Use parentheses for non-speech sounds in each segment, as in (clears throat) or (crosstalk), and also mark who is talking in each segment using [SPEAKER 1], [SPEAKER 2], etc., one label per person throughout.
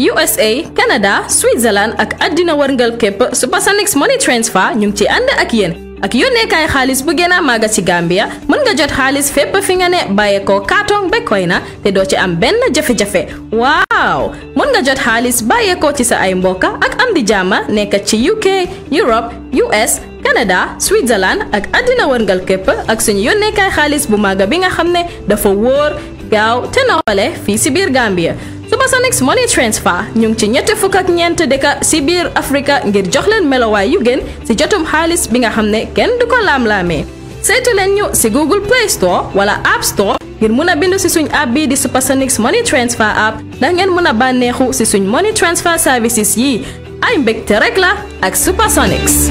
[SPEAKER 1] USA Canada Switzerland ak àddina warngal képp Supersonix Money Transfer ñu ngi ci ànd ak yéen ak yónneekaay xaalis bu gën a màgg ci Gambia mën nga jot xaalis fépp fi nga ne bàyyeekoo kaatong ba na te doo ci am benn jafe-jafe waaw mën nga jot xaalis bàyyeekoo ci sa ay mbokka ak am di jàmma nekk ci UK Europe US Canada Switzerland ak àddina warngal képp ak suñu yónneekaay xaalis bu màgg bi nga xam ne dafa wóor gaaw te noppale fii si biir Gambia Supersonics Money Transfer ñu ci ñetti fuk ak ñent deka si biir Afrika ngir jox leen melowaay yu gën ci jotum xaaliss bi nga xamne kenn du ko laam leen ñu ci Google Play Store wala App Store ngir mëna bindu ci suñ app bi di Supersonics Money Transfer app da ngeen mëna a ci suñ money transfer services yi ay mbégte rek la ak Supersonics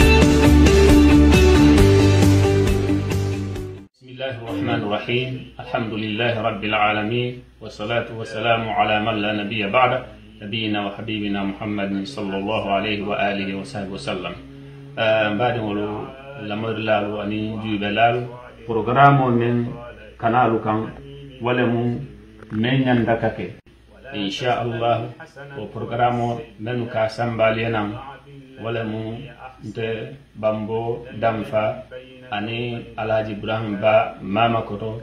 [SPEAKER 2] الله الرحمن الرحيم الحمد لله رب العالمين والصلاة والسلام على من لا نبي بعده نبينا وحبيبنا محمد صلى الله عليه وآله وصحبه وسلم آه، بعد ولو لمر لال واني جيب لال برنامج من كنالو كان ولم من يندكك إن شاء الله وبرنامج من كاسم بالينام ولم بامبو دمفا ani alhaji ibrahim ba mama koto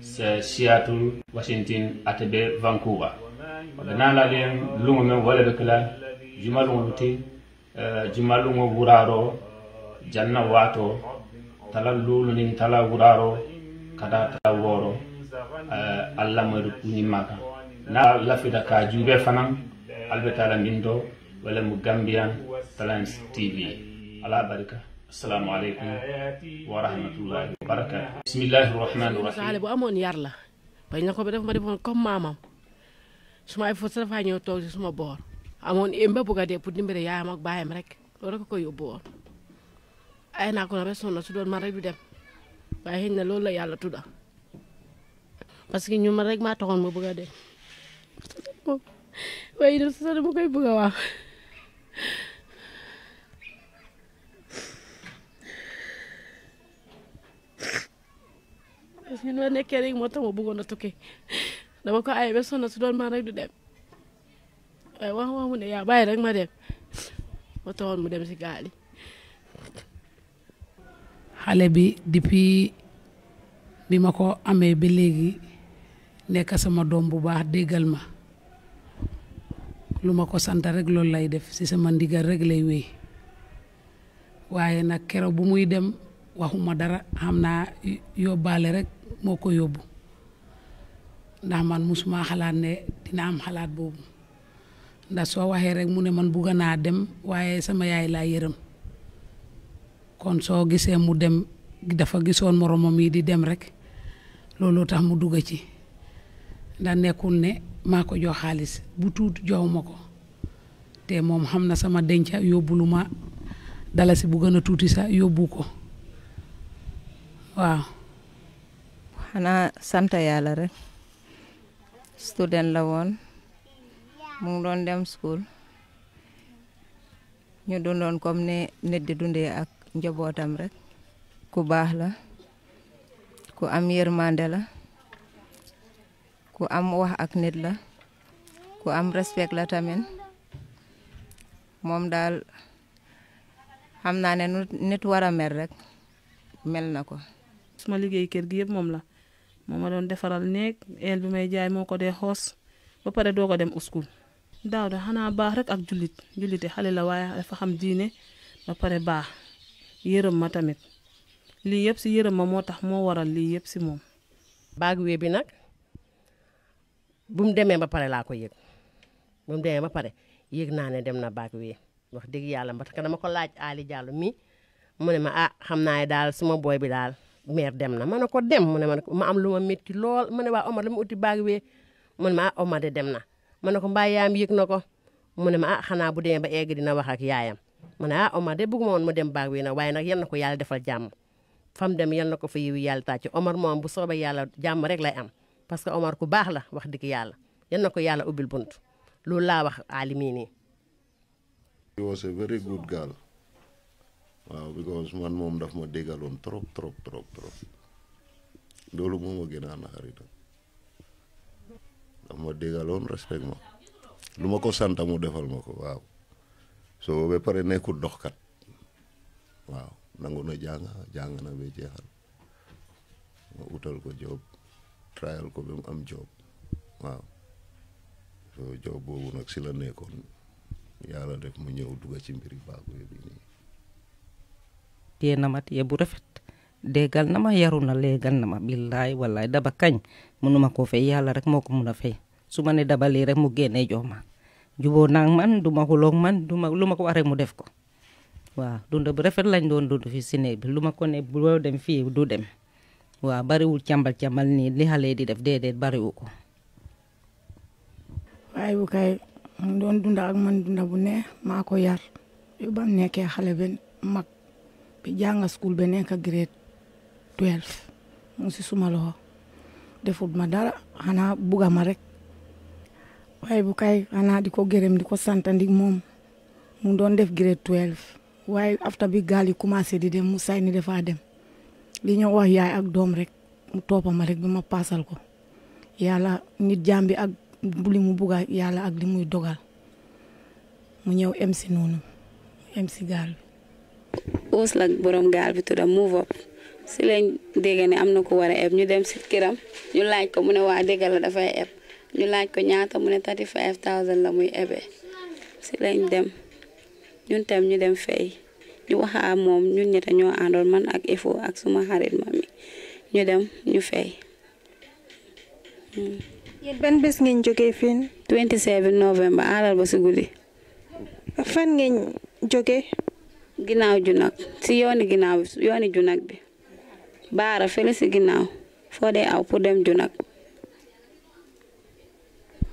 [SPEAKER 2] se seattle washington ate be vancouver wala na la len lungo men wala be kala juma lungo ti eh, juma lungo wuraro janna wato tala lulu nin tala wuraro kada tala woro eh, allah madu kuni maka na lafida ka jube fanan albetala min do wala mu gambian talents tv ala barika asalaamaaleykum wa rahmatullahi wa barakaatu. bismillahi rahmaani
[SPEAKER 3] amoon yar la bañ na ko ba def ma defoon comme maamam su ay fo sa dafaa ñëw toog suma boor. amoon émba bugg a dee pour yaayam ak baayam rek loolu rek ko yóbbu woon ay naa ko na rek sonn su doon man rek dem waaye xëy na la yàlla tudda parce que rek maa taxoon ma bëgg a dee waaye itam sa koy bëgg a parce que ni ma nekkee rek moo tax ma bëggoon a tukki dama ko ay ba sonn su doon maa rek du dem waaye wax wax ne yaa bàyyi rek ma dem ma taxoon mu dem si gaal yi
[SPEAKER 4] xale bi dipi bi ma ko amee ba léegi nekk sama doom bu baax déggal ma lu ma ko sant rek loolu lay def si sama ndigal rek lay wéy waaye nag keroog bu muy dem waxu ma dara xam naa yóbbaale rek moo ko yóbbu ndax man musuma xalaat ne dina am xalaat boobu ndax soo waxee rek mu ne man bugg naa dem waaye sama yaay laa yërëm kon soo gisee mu dem dafa gisoon moroomam yi di dem rek loolu tax mu dugg ci ndax nekkul ne maa ko jox xaalis bu tuut joxu ko te moom xam na sama denca yóbbu lu ma dalasi bu gën tuuti sax yóbbu ko waaw ana
[SPEAKER 5] santa yalla rek student la won mu ngi dem school ñu dundon comme ne nit di dundé ak njabootam rek ku bax la ku am yermande la ku am wax ak nit la ku am respect la tamen mom dal xam ne nit wara mer mel rek mel na ko. suma liggey gi yeb mom la moma ɗon defaral neg elbi may jaay moo ko de hoos bo pare doogo dem uscul dawde
[SPEAKER 3] hana baa rek ak jullit jullite halila waya a faham diine ba pare baa yërëm ma tamit lii yëpp si yërëm ma moo tax moo waral lii yëpp si moom baag wee bi nag bu mu demee ba pare laa ko yëg bu mu demee ba pare yëg naa ne dem na baag wee wax dëgg yàlla ba taka dama ko laaj aali diallo mi mu ne ma ah xam naa daal suma booy bi daal meer dem na ma ne ko dem mu ne ma am lu ma métti lool ma ne waa Omar dama uti baag wee mu ne ma ah Omar de dem na ma ne ko mbaa yaayam yég na ko mu ne ma ah xanaa bu demee ba egg dina wax ak yaayam mu ne ah Omar de bëgguma woon mu dem baag we na waaye nag yan na ko yàlla defal jàmm fam dem yan na ko fa yiwu yàlla tàcc Omar moom bu soobee yàlla jàmm rek lay am parce que Omar ku baax la wax dëgg yàlla yal na ko yàlla ubbil bunt loolu laa wax
[SPEAKER 6] alimi nii. waaw because man moom daf ma déggaloon trop trop trop trop loolu moo ma gën a naxari nag daf ma déggaloon respect ma lu ma ko sant mu defal ma ko waaw so ba pare nekkul doxkat waaw nangu na jàng jàng na ba jeexal ma utal ko job trial ko ba mu am job waaw so job boobu nag si la nekkoon yàlla def mu ñëw dugg ci mbiri baagu bi nii
[SPEAKER 7] téye na ma téye bu rafet déggal na ma yaru na léegal na ma billaay wallaay daba kañ ma koo fay yàlla rek moo ko mun a fay su ma ne daba lii rek mu génnee jox ma juboo naag man du ma xuloog man du ma lu ma ko wax mu def ko waaw dund bu rafet lañ doon dund fii si néeg lu ma ko ne boo dem du dem waaw bariwul càmbal càmbal nii li xale di def déedéet bariwu ko
[SPEAKER 8] waaye bu kay mu doon dunda ak man dunda bu ne maa ko yar yu bam nekkee xale bi mag jàng school ba nekk grade twelve mu si suma loxo defut ma dara xanaa buga ma rek waaye bu kay xanaa di ko gërëm di ko sant ndig moom mu doon def grade twelve waaye after bi gaal yi commencé di dem mu say ni dafa dem li ñoo wax yaay ak doom rek mu toppa ma rek bi ma paasal ko yàlla nit jàmbi ak li mu bugga yàlla ak li muy dogal mu ñëw em si noonu gaal
[SPEAKER 9] uus la borom gaal bi tudda move up si lañ dégg ne am na ku war eb ñu dem si kiram ñu laaj ko mu ne waa dégg la dafay eb ñu laaj ko ñaata mu ne thirty five thousand la muy ebee si lañ dem ñun tam ñu dem fay ñu waxaa moom ñun ñett ñoo àndoon man ak ifo ak suma xarit ma ñu dem ñu fay.
[SPEAKER 10] yéen ban bés ngeen jógee fii.
[SPEAKER 9] 27 novembre àllarba si guddi. fan ngeen jógee. ginnaaw ju nag si yooni ginnaaw yooni ju nag bi baara fële si ginnaaw foo dee aw pour dem ju nag.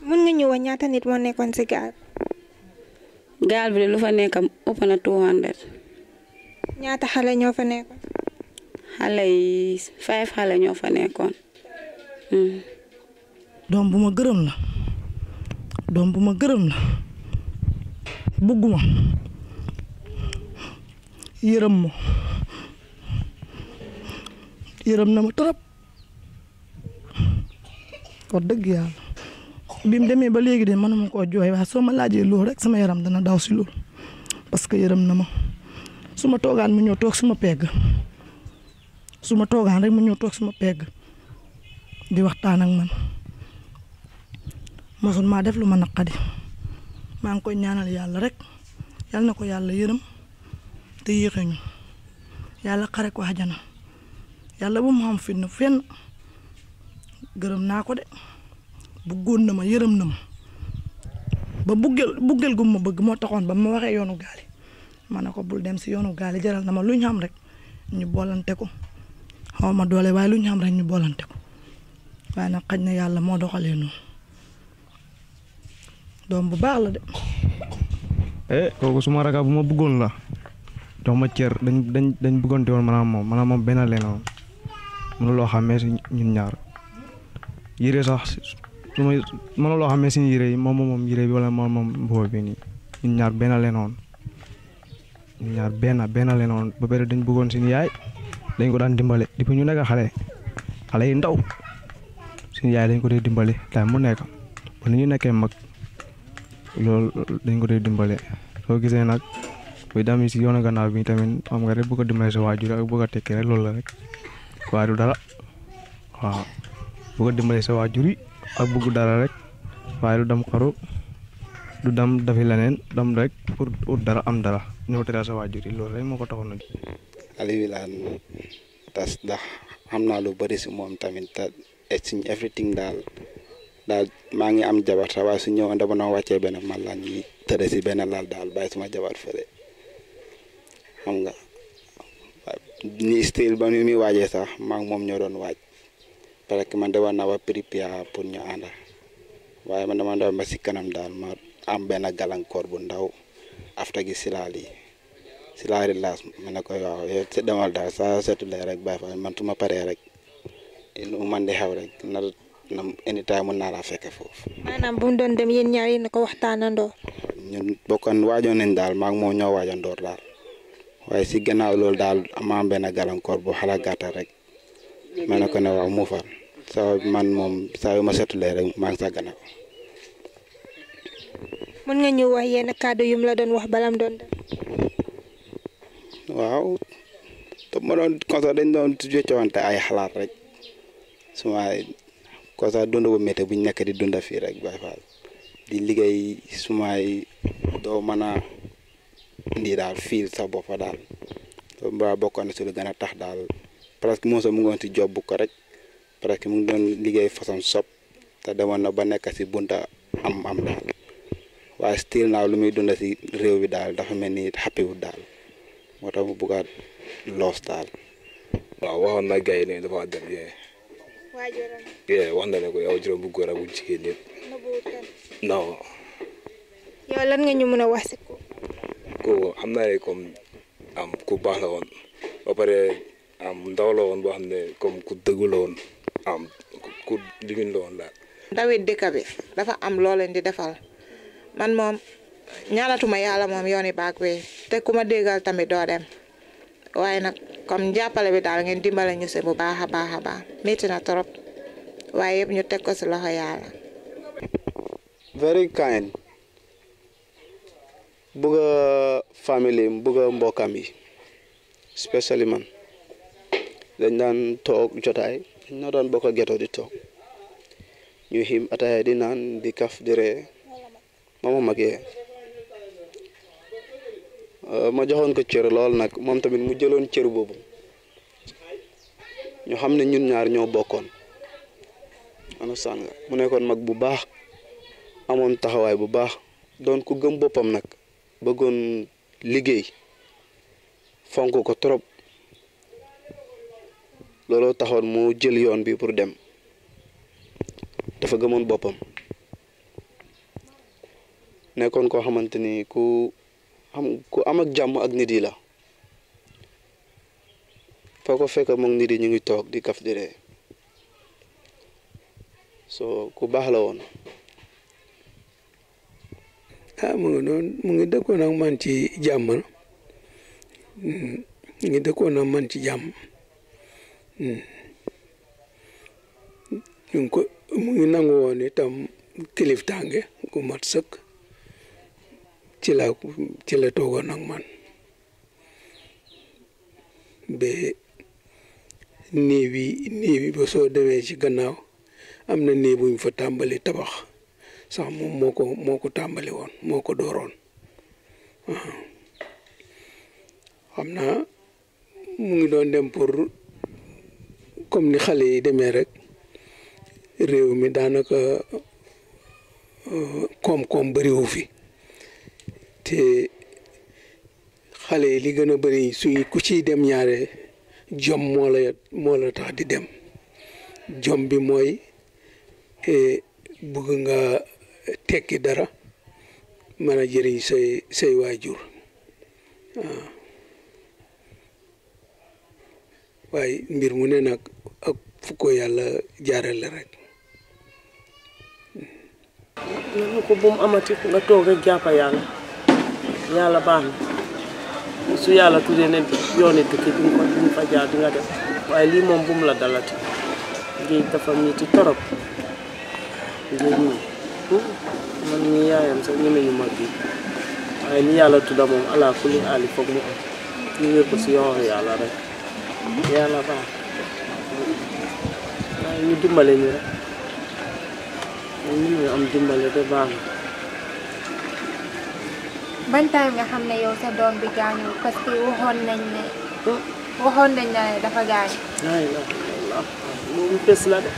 [SPEAKER 10] mën nga ñëwoon ñaata nit moo nekkoon si gaal.
[SPEAKER 9] gaal bi lu fa nekk ëpp na 200.
[SPEAKER 10] ñaata xale ñoo fa nekkoon.
[SPEAKER 9] xale yi five xale ñoo fa nekkoon.
[SPEAKER 11] Hmm. doom bu ma gërëm la. doom bu ma gërëm la. bugguma. iram, mo. Iram na mo. trop Ko deug yàlla Bim demé ba légui dé manuma ko joy waaye so ma laajee loolu rek sama yaram dana daw ci pas parce que yërëm na mo. Suma togan mu ñëw tok kan, suma pegg Suma togan rek mu ñëw tok suma pegg di waxtaan ak man Masun ma def lu ma naqadi ngi koy ñaanal yalla rek yal na ko yàlla te yéexe ñu yàlla xare ko àjjana yàlla bu mu xam fitna fenn gërëm naa ko de bëggoon na ma yërëm na ma ba buggel buggel gu ma bëgg moo taxoon ba ma waxee yoonu gaali ma ne ko bul dem si yoonu gaali jaral na ma lu ñu rek ñu boolante ko xaw doole waaye lu ñu xam rek ñu boolante ko waaye nag xaj na yàlla moo doxalee noonu doom bu baax la de.
[SPEAKER 12] eh kooku suma raga bu ma bëggoon la. jox ma cër dañ dañ dañ bëggante woon maanaam moom maanaam moom benn leen woon mënuloo xamee si ñun ñaar yére sax su ma mënuloo xamee si yére yi moom moom yére bi wala moom moom mboo bi nii ñun ñaar benn leen woon ñun ñaar benn benn leen woon ba pare dañ bëggoon si yaay dañ ko daan dimbale depuis ñu nekk xale xale yi ndaw suñu yaay dañ ko dee dimbale daal mu nekk ba ni ñu nekkee mag loolu dañ ko dee dimbale soo gisee nag Beda misi yona kan bi tamen am gare buka di ko waju sa buka ak lola. Ko aru dara wa Buka di mesa waju ri ak buku dara rek. Waye dam xaru. Du dam dafi lenen dam rek pour ut dara am dara. ñu tera sa waju ri lola rek moko taxono.
[SPEAKER 13] Ali wilan tas da am lu bari si moom ta et suñ everything dal, dal maa ngi am jabar sa waaye su ñëwoon dama noo wàccee benn man laa ñu tëre si benn suma jabar fere xam nga ni style ba ni muy waajee sax maa ngi moom ñoo doon waaj parce que man de war naa pripia pour ñu man dama kanam dal, ma am benn gàllankoor bu ndaw afta gi silaali silali laas ma ne ko waaw yow si demal sa saa seetule rek fa man su ma paree rek lu man di xew rek na na anytime mën naa laa fekke foofu.
[SPEAKER 10] maanaam bu mu doon dem yéen ñaar yi na ko waxtaanandoo.
[SPEAKER 13] ñun bokkoon waajoon nañ daal maa ngi moom ñoo waaye si gannaaw loolu daal ma am benn gàllankoor bu xala gàttal rek ma ko ne waaw mu far man moom saa yu ma setulee rek maa ngi sa gannaaw.
[SPEAKER 10] mën nga ñu wax yenn kàddu yum la doon wax balam doon def.
[SPEAKER 13] waaw ma doon constat dañ doon jocoonte ay xalaat rek suma constat dund bu métti buñ nekk di dunda fii rek di liggéey sumay doo mën indi dal fil sa dal daal ba bokone su lu gën tax dal presque so mu ngon ci job ko rek presque mu ngon liggey façon sop ta dama na ba nek ci bunta am am dal wa still na lu muy dund ci rew bi dal dafa melni happy wu dal motax mu bugg a loos daal wa na gay yi ne dafa dem yee yee wax na ne ko yow juróom bu góor ak bu jigéen yëpp
[SPEAKER 10] yow lan nga ñu mëna wax ci ko
[SPEAKER 13] kooku xam naa ne comme am ku baax la woon ndaw la boo xam ne comme ku dëggu woon daal.
[SPEAKER 14] ndawi dëkk bi dafa am loo leen di defal man moom ñaanatuma yàlla moom yooni baag bi te ku ma déggal tamit doo dem waaye nag comme jàppale bi daal ngeen dimbale ñu si bu baax a baax a baax métti na trop waaye yëpp ñu teg ko si loxo yàlla.
[SPEAKER 15] very kind. buga family, buga am kami, yi especially man dañ dan tok jotay dañ na geto di tok ñu him, ataay di nan di kaf di re mama magé yee ma euh, joxon ko cër lool nak mom tamit mu jëlon cër bobu ñu xamne ñun ñaar ño bokkon ana sanga mu nekkon mag bu baax amon taxaway bu baax don ku gëm bopam nak bëggoon liggéey fonk ko trop looloo taxoon mu jël yoon bi pour dem dafa gëmoon boppam nekkoon koo xamante ni ku am ku am ak jàmm ak nit yi la foo ko fekk moom nit yi ñu ngi toog di kaf di ree soo ku baax la woon
[SPEAKER 16] mungi mungi dëkkoon ak man ci jàmm mungi dëkkoon ak man ci jàmm ñu ngi ko mu ngi nangu woon itam kilif tànge gu mat sëkk ci la ci la toogoon ak man ba néew yi néew yi ba soo demee ci gannaaw am na néew bu ñu fa tàmbali tabax sax moom moo ko moo ko tàmbali woon moo ko dooroon xam naa mu ngi doon dem pour comme ni xale yi demee rek réew mi daanaka euh, koom-koom bëriwu fi te xale yi li gën a bari suy ku ciy dem ñaare jom moo la moo la tax di dem jom bi mooy eh, bëgg nga tekki dara mën a jëriñ say say waajur waaw waaye mbir mu ne ak fu yàlla jaarale rek. nanu ko bu mu nga toog rek jàppa
[SPEAKER 17] yàlla yàlla baax na su yàlla tuddee ne yooni dëkk bi nga ko di fa jaar di nga def waaye lii moom bu la dalati géej dafa miiti torop géej moom topp man mi yaayam sax ñemeñu mag bi waaye ni yàlla tudda moom ala kulli aali foog mu ñu wér ko si yoon yàlla rek yàlla baax waaye ñu dimbale ñu rek ñu mënuñu am dimbale de baax
[SPEAKER 10] na ban nga xam ne yow sa doom bi gaañu parce waxoon nañ ne waxoon nañ ne dafa gaañu.
[SPEAKER 17] waaw waaw moom bés la de.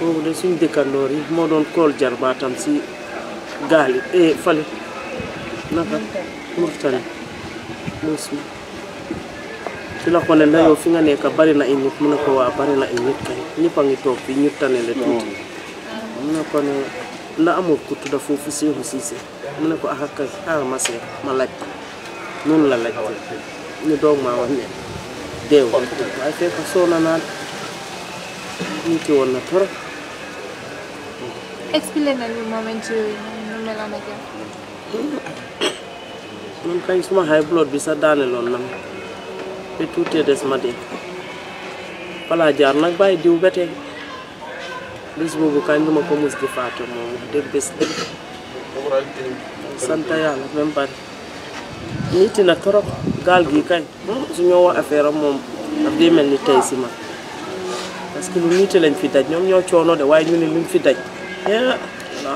[SPEAKER 17] moom de suñu dëkkandoor moo doon kool jarbaatam si gaal yi eh, fale nga nekk bari na mu ne ko waa bari na ay nit ngi toog fii ñu ne ko ne la amul ku tudda foofu Seexu Siise mu ne ko ah kay ma seet ma laaj noonu la laaj ñu doog maa wax ne deew waaye fekk soo na naan ñu ci woon na trop
[SPEAKER 10] expliqué nañu moment yooyu
[SPEAKER 17] nu kañ suma high blood bi sa daaneloon na ma ba tuutee des ma dee balaa jaar nag bàyyi diw ba tey boobu kañ duma ko mus di faate moom wax dëgg bés dëgg sant yàlla nit e na trop gaal gi kañ su ñoo wax affaire moom daf dee mel ni tey si ma parce que lu nit lañ fi daj ñoom ñoo coono de waaye ñu ne luñ fi daj ya voilà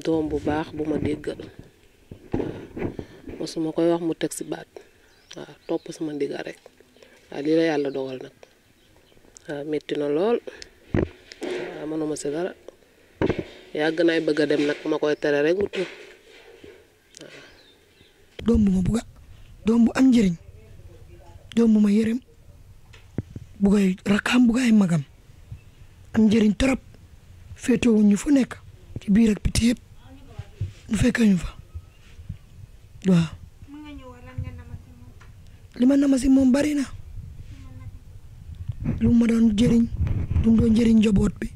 [SPEAKER 3] nah. bu baax bu ma déggal mosuma koy wax mu tek si baat waaw nah, topp sama ndiga rek waaw nah, lii la yàlla dogal nag waaw metti na lool waaw mënuma si dara yàgg naay bëgg dem nak ma koy tere rek mu
[SPEAKER 18] dom bu ma bugga dom bu am njëriñ dom bu ma yërëm rakam rakkaam bugay magam am njëriñ torop féetewuñ wuñu fu nek ci biir ak piti yeb ñu fekkee ñu fa wa lima nama si mom bari na lu ma doon jëriñ lu mu doon jëriñ njaboot bi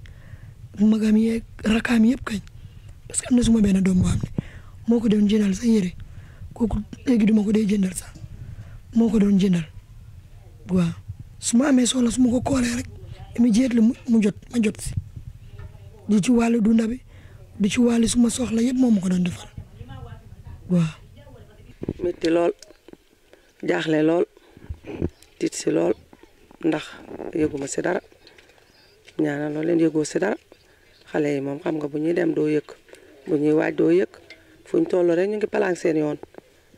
[SPEAKER 18] magam yeeg rakam yeb kañ parce que amna na suma ben dom boo moko doon jëndal sa yére koku léegi duma ko dee jëndal sa moko doon jëndal waaw su ma amee ko kolé rek jéet la mu jot ma jot si di ci wàllu dunda bi di ci wàllu suma soxla yépp moom ko doon defal
[SPEAKER 19] waaw. metti lool jaaxle lool tit si lool ndax yëguma si dara ñaana lool leen yëgoo si dara xale yi moom xam nga bu ñuy dem doo yëg bu ñuy waaj doo yëg fuñ toll rek ñu ngi palaan seen yoon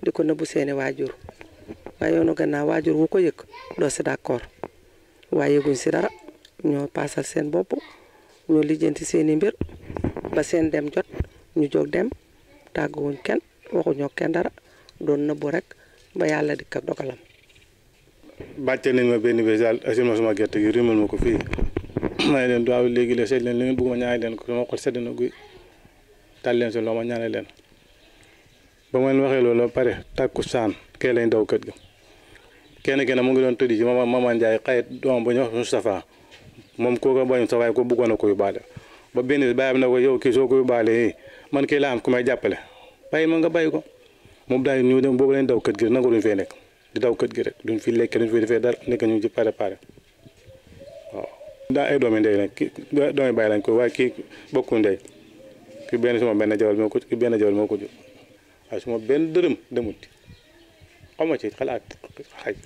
[SPEAKER 19] di ko nëbbu seeni waajur waaye yoonu gannaaw waajur wu ko yëg doo si d'accord waaye yëguñ si dara ñoo passal seen bopp ñu lijjanti seen i mbir ba seen dem jot ñu jóg dem tàgguwuñ kenn waxuñoo kenn dara doon nëbbu rek ba yàlla dikk ak dogalam.
[SPEAKER 20] bàcce nañ ma benn bés daal asil ma sama gerte gi rimal ma ko fii (clears throat) ma leen daaw léegi la seet leen li ngeen bëgg ma leen ko sama xol sedd na guy tal leen si loo ma ñaanal leen ba ma leen waxee loolu pare takku saan kee lañ daw kët gi kenn kenn mu ngi doon tëddi ci mama mama Ndiaye xayet doom ba ñu wax moom koo ko bañu sa waaye ko bëggoon a ko yóbbaale ba benn bi bàyyam na ko yow kii soo ko yóbbaale man kii laa am ku may jàppale bàyyi ma nga bàyyi ko moom daal ñu dem boobu lañ daw kët gi nangu duñ fee nekk di daw kët gi rek duñ fi lekk duñ fi defee dara nekk ñu ci pare pare waaw daa ay doomi ndey nag ki doomi bàyyi lañ ko waaye kii bokku ndey ki benn suma benn jawal moo ko ki benn jawal moo ko jur waaye suma benn dërëm demut xaw ma ci xalaat xaj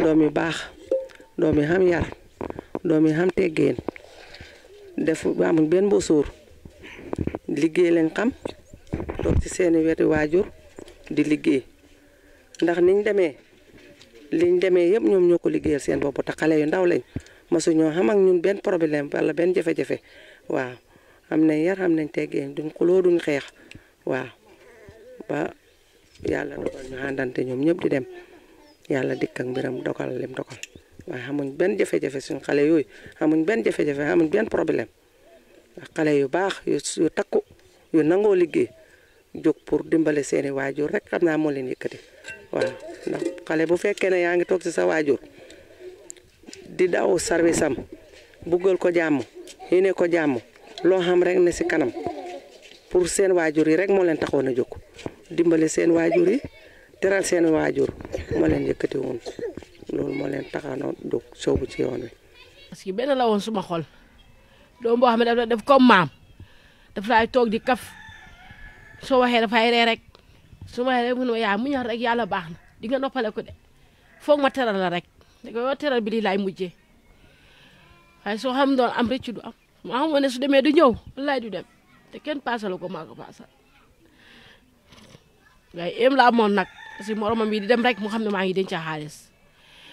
[SPEAKER 19] doom yu baax doom yu xam yar doom yi xam teggeen def amul benn mbosuur liggéey lañ xam toog ci seeni weti waajur di liggéey ndax niñ demee liñ demee yëpp ñoom ñoo ko liggéeyal seen bopp te xale yu ndaw lañ masu ñoo xam ñun benn problème wala benn jafe-jafe waaw am nañ yar am nañ teggeen duñ xuloo duñ xeex waaw ba yàlla dogal ñu àndante ñoom ñëpp di dem yàlla dikk ak mbiram dogal lim dogal waaw amuñ benn jafe-jafe suñ xale yooyu amuñ benn jafe-jafe amuñ benn problème xale yu baax yu takku yu nangoo liggéey jóg pour dimbale seeni waajur rek xam naa moo leen yëkkati waaw ndax xale bu fekkee ne yaa ngi toog ci sa waajur di daw service am buggal ko jàmm yéene ko jàmm loo xam rek ne ci kanam pour seen waajur yi rek moo leen taxoon a jóg dimbale seen waajur yi teral seen waajur moo leen yëkkati woon loolu moo leen tax a dog soobu ci yoon wi.
[SPEAKER 3] parce que benn la woon suma xol doom boo xam ne dafa def comme maam daf laay toog di kaf soo waxee dafay ree rek su ma ree mu ne yaa mu ñax rek yàlla baax na di nga noppale ko de foog ma teral la rek da nga teral bi lii laay mujjee waaye soo xam doon am rëcc du am ma xamoon ne su demee du ñëw wallaay du dem te kenn paasal ko maa ko paasal waaye éem la amoon nag parce que moromam yi di dem rek mu xam ne maa ngi denc xaalis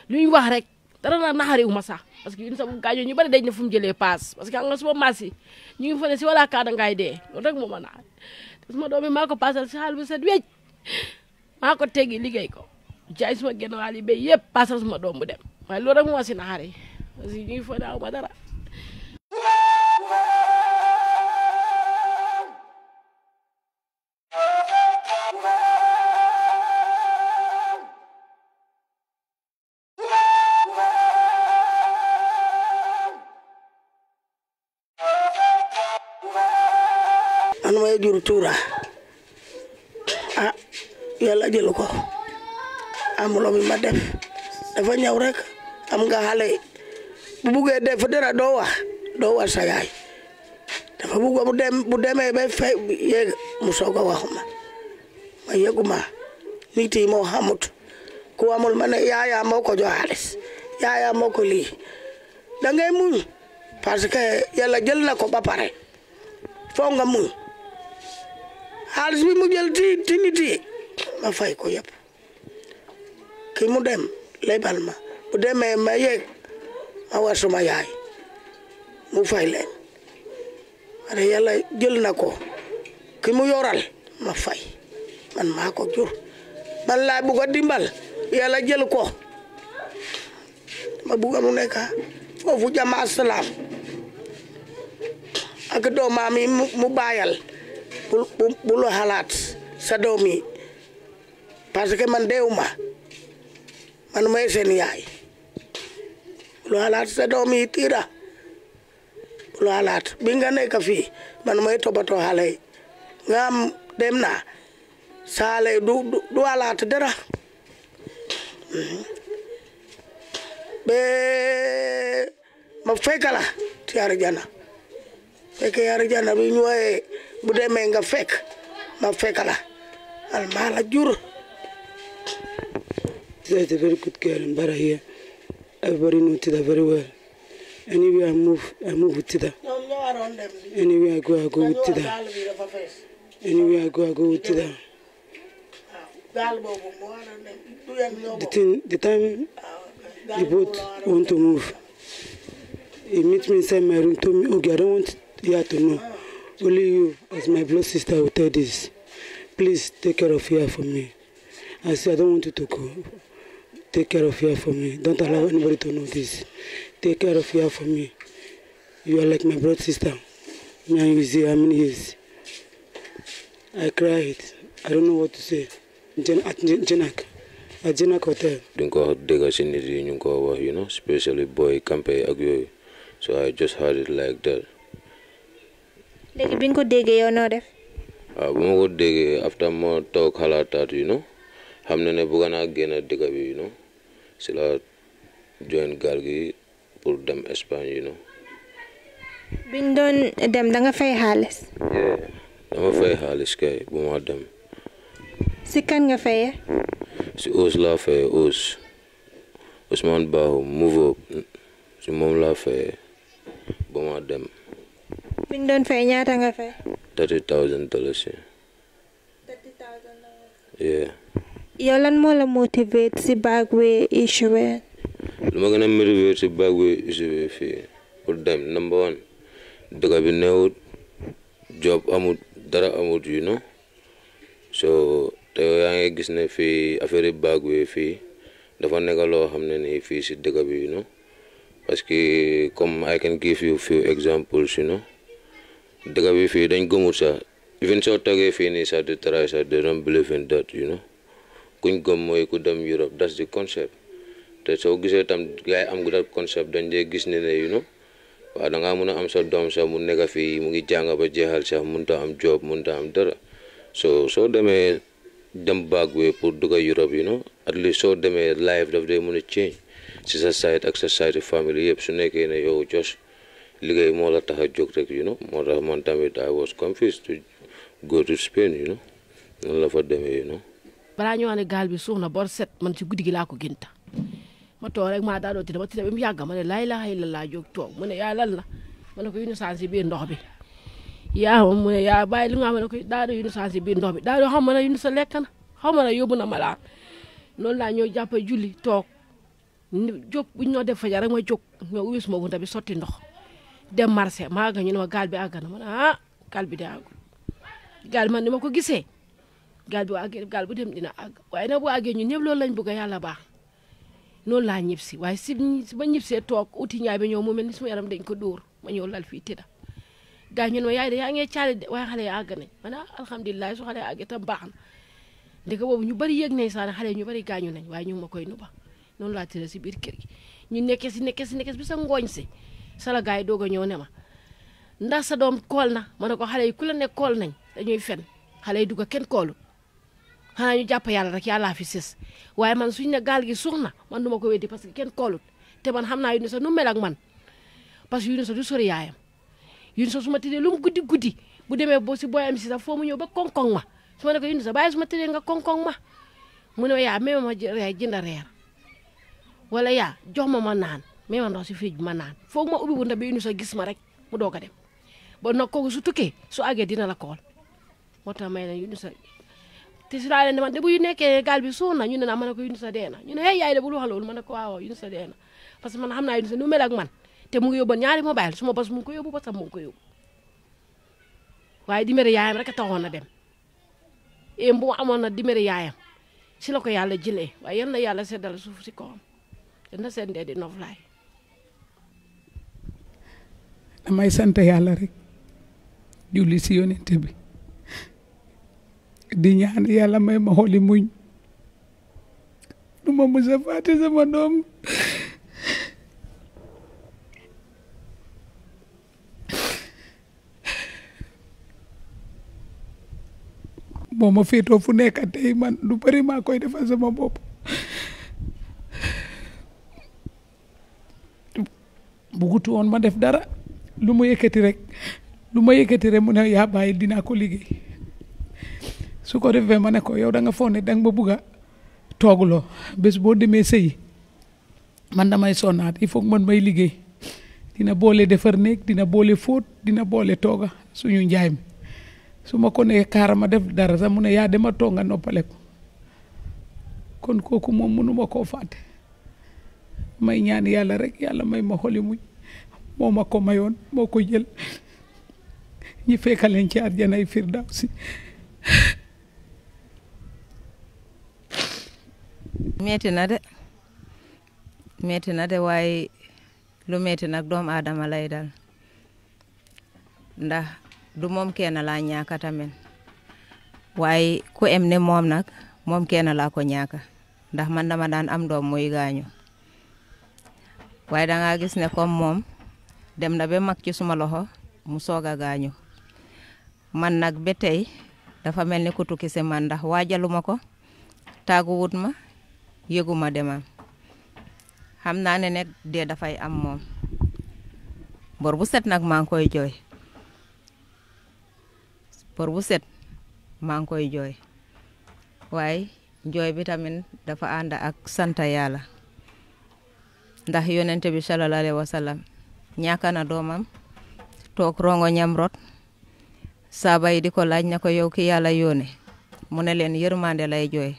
[SPEAKER 3] lu ñu wax rek dara na naxari wu ma sax parce que Younouss bu gaañoo ñu bari dañ ne fu mu jëlee paas parce que xam nga yi ñu si wala kaada ngay dee loolu rek moo ma naxari te suma doom yi maa ko paasal si xaal bu set wécc maa ko teggi liggéey ko jaay suma genn waal yi bay yëpp paasal suma doom bu dem waaye loolu rek moo si naxari parce que ñu ngi fa ne aw ma dara
[SPEAKER 21] jur a ah yàlla jëlu ko lo mi ma def dafa ñaw rek am nga xale bu buggee def dara do wax do wax sa yaay dafa bu bu dem bu demee ba fay yéeg mu soog a waxuma ma yeguma niti mo xamut ku amul mané yaaya moko jox yaaya moko li lii da ngay muñ parce que yalla jël na ko ba paré fo nga muñ xaalis bi mu jël ci ci nit yi ma fay ko yëpp ki mu dem lebal ma bu demee ma yegg ma war suma yaay mu fay leen wala yàlla jël na ko ki mu yoral ma fay man maa ko jur man laa bugg dimbal yàlla jël ko ma bugg mu nekk foofu jàmm ak salaam ak doomam yi mu baayal bul halat sadomi sa doom parce que man deuma man may sen yaay bul halat sa doom yi tiira bul bi nga nek fi man may tobato nga am demna du du halat dara mhm. be ma fekala tiara jana arjana bi ñu bu demee nga fekk ma fekk la
[SPEAKER 22] al maa la jur It's a very good girl in Bara here. Everybody knows Tida very well. Anywhere I move, I move with Tida. Anywhere I go, I go with Tida. Anywhere I go, I go with Tida. The, thing, the time the boat want to move, he meets me inside my room, told me, okay, I don't want Tia to know. Only you, as my blood sister, will tell this. Please take care of her for me. I said, I don't want you to go. Take care of her for me. Don't allow anybody to know this. Take care of her for me. You are like my blood sister. Me and you see how many years. I cried. I don't know what to say. Jen at Jenak. At Jenak Hotel.
[SPEAKER 23] Dega you know, especially boy pay Agui. So I just heard it like that.
[SPEAKER 10] léegi bi ko déggee yow noo def.
[SPEAKER 23] waaw bu ma ko déggee after ma toog xalaataat you know xam na ne bëgg naa génn dëkk bi you know si la join gaal gi pour dem Espagne you know.
[SPEAKER 10] biñ doon dem da nga xaalis.
[SPEAKER 23] dama fay xaalis kay bu ma dem.
[SPEAKER 10] si kan nga fayee.
[SPEAKER 23] si Ous laa fayee Ous Ousmane Ba move si moom laa fayee bu ma dem.
[SPEAKER 10] bi ñu doon ñaata nga fay.
[SPEAKER 23] thirty thousand dollars yi. thirty thousand
[SPEAKER 10] yow lan moo la motivate si Bagwe insurance.
[SPEAKER 23] lu ma gën a motivate si Bagwe insurance fii pour dem number one dëkk bi neewut job amut dara amut you know so te yaa ngi gis ne fii affaire Bagwe fii dafa nekk loo xam ne nii fii si dëkk bi you know parce que comme I can give you few examples you know. dëkk bi fii dañ gëmul sax even soo toogee fii nii sax di try sax they don't believe in that you know kuñ gëm mooy ku dem Europe that's the concept te soo gisee tam gars am gu that concept dañ dee gis ne ne you know waaw dangaa mun a am sa doom sax mu nekk fii mu ngi jàng ba jeexal sax mënut a am job mënut a am dara so soo demee dem baag bi pour dugg Europe yu know at least soo demee life daf dee mun a change si sa side ak sa side family yëpp su nekkee ne yow jos ligay moo la tax a jóg rek you know moo tax man tamit I was confused to go to Spain you know noonu la fa demee you know.
[SPEAKER 3] balaa ñu wax ne gaal bi suux na bor set man ci guddi gi laa ko génta ma toog rek maa daadoo tëdd ma tëdd ba mu yàgg ma ne laa ilaaha illallaah jóg toog mu ne yaa lan la ma ne ko innocence si biir ndox bi yaa moom mu ne yaa bàyyi li nga xam ne ko daadoo innocence si biir ndox bi daadoo xam ma ne innocence lekk na xam ma ne yóbbu na malaan noonu laa ñëw jàpp julli toog jóg bu ñu ñoo def fajar rek ma jóg ñoo ubbi suma bunta bi sotti ndox dem marché ma nga ñu ne ma gaal bi àgg ma ne ah gaal bi daa àggul gaal ni ma ko gisee gaal bi àggee gaal bu dem dina àgg waaye nag bu àggee ñun ñëpp loolu lañ bëgg a yàlla baax noonu laa ñib si waaye si ba ñib toog uti ñaay ba ñëw mu mel ni suma yaram dañ ko door ma ñëw lal fii tëdda gaa ñu ne ma yaay de yaa ngee caali de waaye xale yi àgg nañ ma ne ah alhamdulilah su xale yi àggee tam baax na ndeke boobu ñu bari yëg nañ sax xale ñu bari gaañu nañ waaye ñu ma koy nuba noonu laa tëdda si biir kër gi ñu nekkee si nekkee si bi sa ngooñ si sala gars yi doog a ñëw ne ma ndax sa doom kool na ma ne ko xale yi ku la ne kool nañ dañuy fen xale yi du ko kenn koolu xanaa ñu jàpp yàlla rek yàllaa fi sës waaye man suñ na gaal gi suux na man du ma ko weddi parce que kenn koolut te man xam naa yu sa nu mel ak man parce que yu ne sa du sori yaayam yu sa su ma tëddee lu mu guddi guddi bu demee bo si booyam si sax foo mu ñëw ba koŋ-koŋ ma su ma ne ko yu sa bàyyi su ma tëddee nga koŋ-koŋ ma mu ne yaa jox ma ma naan mais ma ndox si fii ma naan foog ma ubbi bunta bi indi sa gis ma rek mu doog a dem ba nag kooku su tukkee su àggee dina la kool moo tax may la indi sa te si laa leen man de bu nekkee gaal bi suun na ñu ne naa ma ne ko indi sa dee na ñu ne hey yaay de bul wax loolu ko waaw sa dee na parce que man xam naa indi sa nu mel ak man te mu ngi yóbbu ñaari mobile su ma bas mu ngi ko yóbbu ba sax mu ngi yaayam rek a taxoon na dem et bu amoon na dimbali yaayam si la ko yàlla jëlee waaye yal na yàlla seddal suuf si kawam dana seen dee di noflaay
[SPEAKER 4] damay sant yàlla rek julli si yonente bi di ñaan yàlla may ma xooli muñ du ma mës a fàtte sama doom moo ma féetoo fu nekka tey man lu bëri maa koy defal sama bopp bugutu woon ma def dara lu ma yëkkati rek lu ma yëkkati rek mu ne yaa bàyyi dinaa ko liggéey su ko defee ma ne ko yow da nga foog ne da ma bugg tooguloo bés boo demee sëyi man damay sonnaat il faut man may liggéey dina boole defar néeg dina boole fóot dina boole tooga suñu njaay su ma ko nee kaara def dara sax mu ne yaa dema toog nga noppale ko kon kooku moom mënuma koo fàtte may ñaan yàlla rek yàlla may ma xoli muñ moo ma ko mayoon moo ko jël ñi fekkal leen ci àjjanay firdawsi
[SPEAKER 5] metti na de metti de waaye lu metti nag doomu aadama lay dal ndax du moom kenn laa ñaaka tamit waaye ku em ne moom nag moom kenn laa ko ñaaka ndax man ma daan am doom muy gaañu waaye da nga gis moom dem na ba mag ci suma loxo mu soog a gaañu man nag ba tey dafa mel ni ku tukki si man ndax waajaluma ko taaguwut ma yëguma demam xam naa ne nag dee dafay am moom bor bu set nag maa ngi koy jooy bor bu set maa ngi koy jooy waaye jooy bi tamit dafa ànd ak sant yàlla ndax yonente bi sallallahu alayhi wa ñàkk doomam toog rongo rot saaba yi di ko laaj na ko yow ki yàlla yóone mu ne leen yërmande lay jooy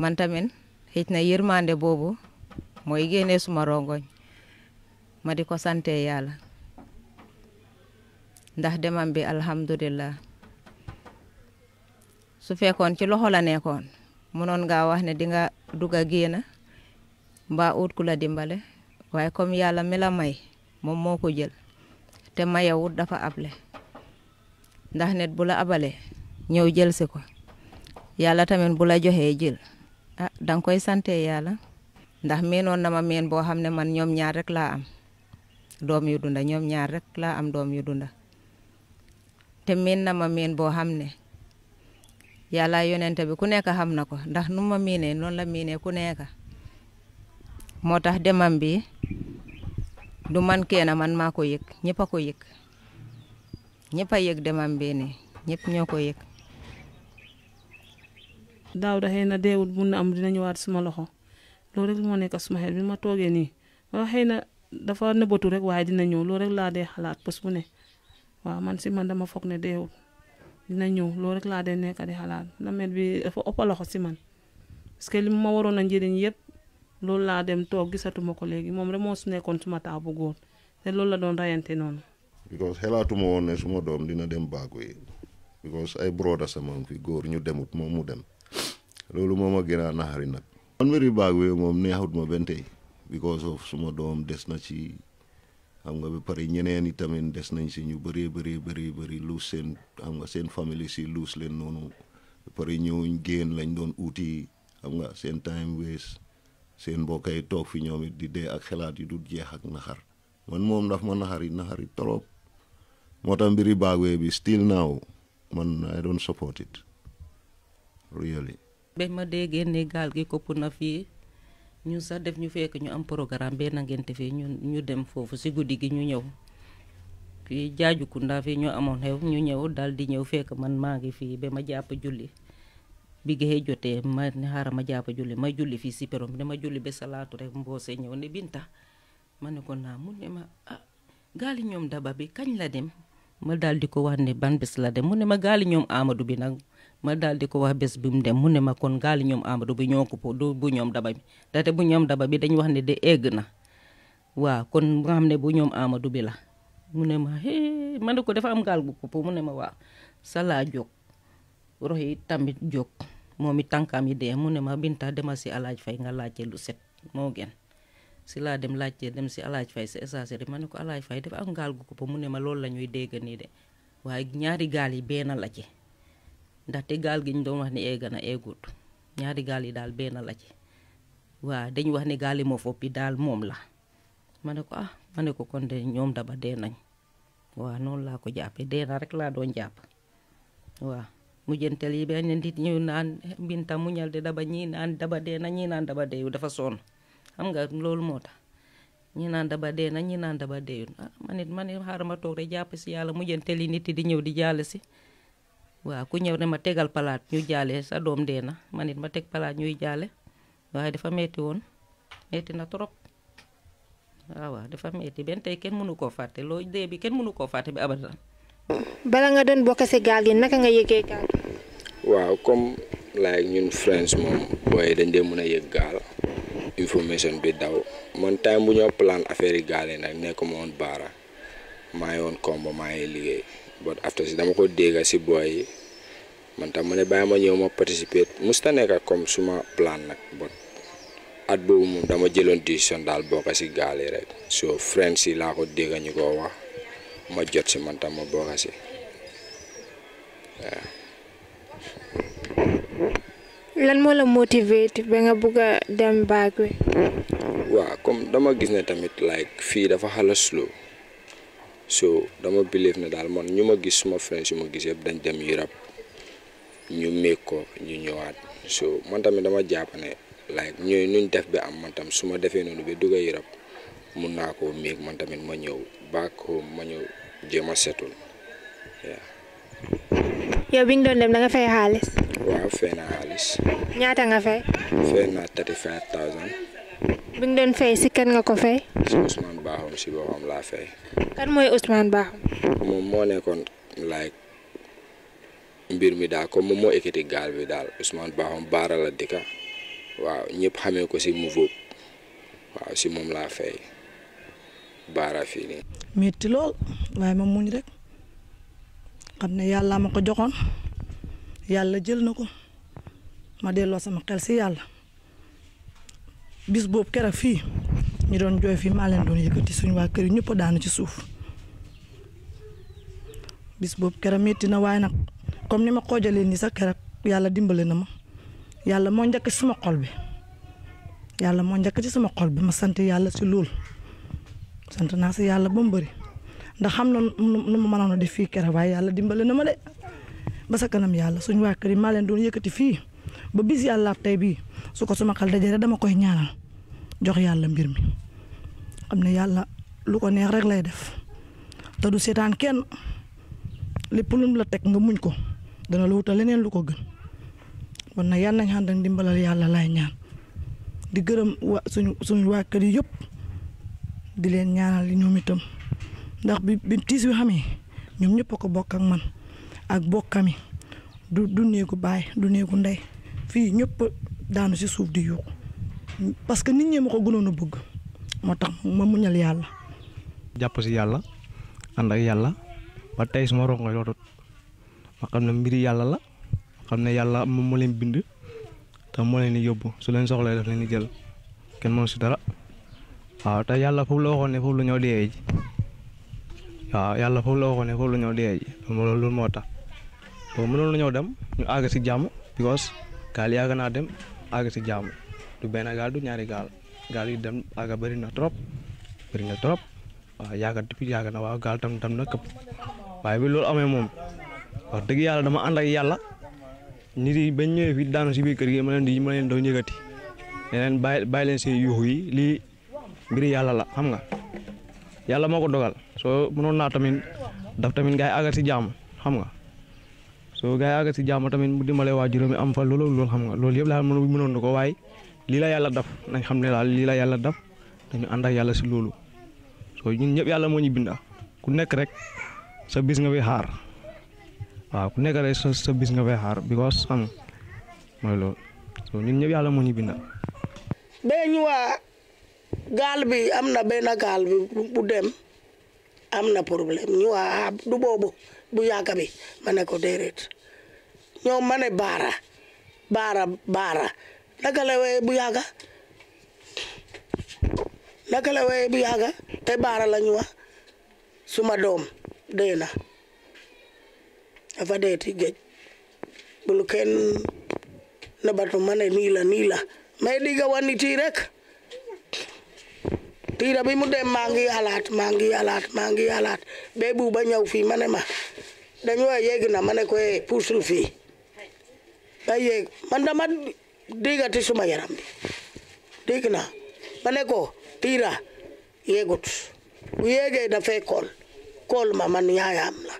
[SPEAKER 5] man tamit xëj na yërmande boobu mooy génnee suma rongoñ ma di ko sante yàlla ndax demam bi alhamdulillah su fekkoon ci loxo la nekkoon mënoon nga wax ne di nga dugg a génn mba ut ku la dimbale waaye comme yàlla mi la may moom moo ko jël te mayewut dafa able ndax nit bu la abalee ñëw jël si ko yàlla tamit bu la joxee jël ah danga koy sante yàlla ndax miinoon na ma meen boo xam ne man ñoom ñaar rek laa am doom yu dunda ñoom ñaar rek laa am doom yu dunda te miin na ma meen boo xam ne yàlla yonente bi ku nekk xam na ko ndax nu ma miinee noonu la miinee ku nekk moo tax demam bi du man kenn man maa ko yëg ñëpp a ko yëg ñëpp a yëg demam benn ñëpp ñoo ko yëg. daaw da xëy na deewul mun na am dina ñëwaat suma
[SPEAKER 3] loxo loolu rek moo nekk suma xel bi ma toogee nii xëy na dafa nëbbatu rek waaye dina ñëw loolu rek laa dee xalaat bés bu ne waaw man si man dama foog ne deewul dina ñëw loolu rek laa dee nekk di xalaat nawet bi dafa ëpp loxo si man parce que li ma waroon a njëriñ yëpp. loolu laa dem toog gisatuma ko léegi moom rek moo su nekkoon suma taaw bu góor te loolu la doon rayante noonu.
[SPEAKER 6] because xelaatuma woon ne suma doom dina dem baagu yi because ay broda sama fi góor ñu demut moom mu dem loolu moom a gën nag. man mbiri baagu yi moom neexut ma benn tey because suma doom des na ci xam nga ba pare ñeneen yi tamit des nañ si ñu bëree bëree bëri bëri luus seen xam nga seen famille si luus leen noonu ba pare ñëwuñ génn lañ doon uuti xam nga seen time waste seen mbokk yi toog fi ñoom it di dee ak xalaat yi du jeex ak naxar man moom daf ma naxari naxari trop moo tax mbiri baagwee bi still now man I don't support it really.
[SPEAKER 7] ba ma déggee ne gaal gi kopp na fii ñu sax def ñu fekk ñu am programme benn ngénte fii ñu ñu dem foofu si guddi gi ñu ñëw fii jaaju kunda fii ñu amoon xew ñu ñëw daal di ñëw fekk man maa ngi fii ba ma jàpp julli. bi géexee jotee ma ne xaaral ma jaaba julli ma julli fii si perom dama julli ba salaatu rek mboose ñëw ne Binta ma ne ko naa mu ne ma ah gaali ñoom daba bi kañ la dem ma daal di ko wax ne ban la dem mu ne ma gaali ñoom Amadou bi nag ma daal ko wax bés bi mu dem mu ne ma kon gaali ñoom Amadou bi ñoo ko du bu ñoom daba bi ndaxte bu ñoom daba bi dañ wax ne de egg na waaw kon nga xam ne bu ñoom Amadou bi la mu ne ma hee ma ko dafa am gaal bu ko ma waaw sa laa jóg rox tamit jóg moom it tànkaam yi dee mu ne ma Binta demal si alaaj fay nga laajte lu set moo gën si laa dem laaj laajte dem si alaaj fay si essentiel ma ne ko alaaj fay dafa ak gaal gu ko ba mu ne ma loolu la ñuy dégg nii de waaye ñaari gaal yi bee na la ci ndaxte gaal gi ñu doon wax ni eega na eegut ñaari gaal yi daal na la ci waaw dañu wax ni gaal yi moo foppi daal moom la ma ne ko ah ma ne ko kon de ñoom daba dee nañ waaw noonu laa ko jàppee dee na rek laa doon jàpp mujjantel yi benn nit ñu naan mbinta ñal de daba ñii naan daba dee na ñii naan daba yu dafa sonn xam nga loolu moo tax ñi naan daba dee na ñi naan daba de ah man it man it ma toog rek jàpp si yàlla mujjantel yi nit yi di ñëw di jàll si waaw ku ñëw ne ma tegal palaat ñu jàllee sa doom dee na man it ma teg palaat ñuy jàlle waaye dafa metti woon metti na trop waaw waaw dafa metti benn tey kenn mënu koo fàtte loo dee bi kenn mënu koo fàtte bi abadan
[SPEAKER 10] bala nga doon bokk si gaal gi naka nga gaal
[SPEAKER 24] waaw comme like ñun friends moom booy dañ dee mën a yëg gaal information bi daw man time bu ñoo plan affaire yi gaal yi nag nekkuma woon baara maa ngi woon komba maa ngi liggéey but after si dama ko dégga si booy yi man tam ma ne bàyyi ma ñëw ma participer musta nekka comme suma plan nag but at boobu moom dama jëloon décision daal bokka si gaal yi rek so friends yi laa ko dégga ñu ko wax ma jot si man tam ma bokka si
[SPEAKER 10] lan moo la motivate ba nga bugg a dem baag wi
[SPEAKER 24] waaw comme dama gis ne tamit like fii dafa xala slow so dama believe ne daal man ñu ma gis suma friends yu ma gis yëpp dañ dem Europe ñu meeg ko ñu ñëwaat so man tamit dama jàppane ne like ñooy nuñ def bi am man tam su ma defee noonu ba dugg Europe mun naa koo meeg man tamit ma ñëw back home ma ñëw jéem a setul
[SPEAKER 10] yow bi nga doon dem da nga xaalis.
[SPEAKER 24] waaw fay naa xaalis. ñaata nga fay. fay naa thirty
[SPEAKER 10] doon fay si kan nga ko fay.
[SPEAKER 24] si Ousmane Bakhoum si boppam laa fay.
[SPEAKER 10] kan mooy Ousmane Bakhoum.
[SPEAKER 24] moom moo nekkoon like mbir mi daal comme moom moo ekkati gaal bi daal Ousmane Bakhoum baara la dëkka waaw ñëpp xamee ko si Mouveau waaw si moom laa fay baara fii nii.
[SPEAKER 11] metti lool waaye moom muñ rek. xamne yalla mako ma yalla jël nako ma delo sama xel si yalla bis bob kera fi ñu don joy fi ma len don yëkëti suñu wa kër ñëpp daanu ci suuf bis bob kera metti na way nak comme ni ma jale ni sax kera yalla dimbalé na ma yalla mo ñëk ci sama xol bi ci sama xol bi ma sante yalla ci lool sante na ci yalla bu mbeuri ndax xam na nu ma mënoon a def fi kere waaye yalla dimbalé na ma dé ba sa kanam yalla suñu wa kër yi ma leen doon yëkëti fi ba bis yalla tay bi su ko suma dama koy ñaanal jox yalla mbir mi yalla lu ko neex rek lay def te du seetaan kenn lepp lu la tek nga muñ ko dana la wuta leneen lu ko gën kon nag yàlla nañ ànd ak dimbalal yalla lay ñaan di gërëm suñu suñu wa kër yi yëpp di leen ñaanal ñoom itam ndax bi bi tis bi xamé ñom ñep ko bok ak man ak bokkami du du neegu bay du neegu nday fi ñep daanu ci suuf di yuuxu parce que nit ñi mako ko gënoon bëgg motax tax ma muñal yalla
[SPEAKER 12] japp ci yalla and ak yalla, ba tay suma rongo yootut ma xamna mbiri yalla la xamna yalla mo mo leen bind ta mo leen yobbu su leen soxlay daf leen di jël ken mo ci dara ah ta yalla fu lo fu lu ñoo ya yàlla foofu la waxoon ne foofu la ñoo dee ji lu loolu moo tax boobu mënoon nañoo dem ñu ag ci jamm because gal ya naa dem ag ci jamm du ben gal du ñaari gal gal yi dem aga bari na trop bari na trop ga yàgg ya ga na wa gal tam tam na kep way bi loolu amé mom wax deug yalla dama and ak yalla nit yi bañ ñëwee fi daanu ci bi kër gi ma leen di ma leen do ñëgati ne bay bay leen ci yuhu yi li mbiri yalla la xam nga yàlla moo ko dogal soo mënoon naa tamit daf tamit ngay àggal si jàmm xam nga soo ngay àggal si jàmm tamit mu dimbale waa mi am fa loolu loolu xam nga loolu yëpp daal mënoon na ko waaye lii la yàlla daf nañ xam ne daal lii yàlla daf dañu ànd ak yàlla si loolu soo ñun ñëpp yàlla moo ñu binda ku nekk rek sa bis nga fay xaar waaw ku nekk rek sa bis nga fay xaar because xam mooy loolu soo ñun ñëpp yàlla moo ñu binda.
[SPEAKER 21] gaal bi am na benn gaal bi bu dem am na problème ñu waa ah, du boobu bu yàgg bi ma ko déedéet ñoo mane ne baara baara baara naka la wooyee bu yàgg naka la wooyee bu yàgg te baara la ñu wax suma doom dee na dafa dee ci géej bul kenn nëbatu ma ne nii la nii la digga wa nit rek. Tiira bi mu dem maa ngi xalaat maa ngi xalaat maa ngi xalaat bee bu ba ñëw fii ma ne ma dañu wa yegg na ma ne ko eh, puusul fii ba yegg man dama diggati suma yaram bi dégg na ma ne ko piira yegut bu yeggee dafay kool kool ma man yaayam la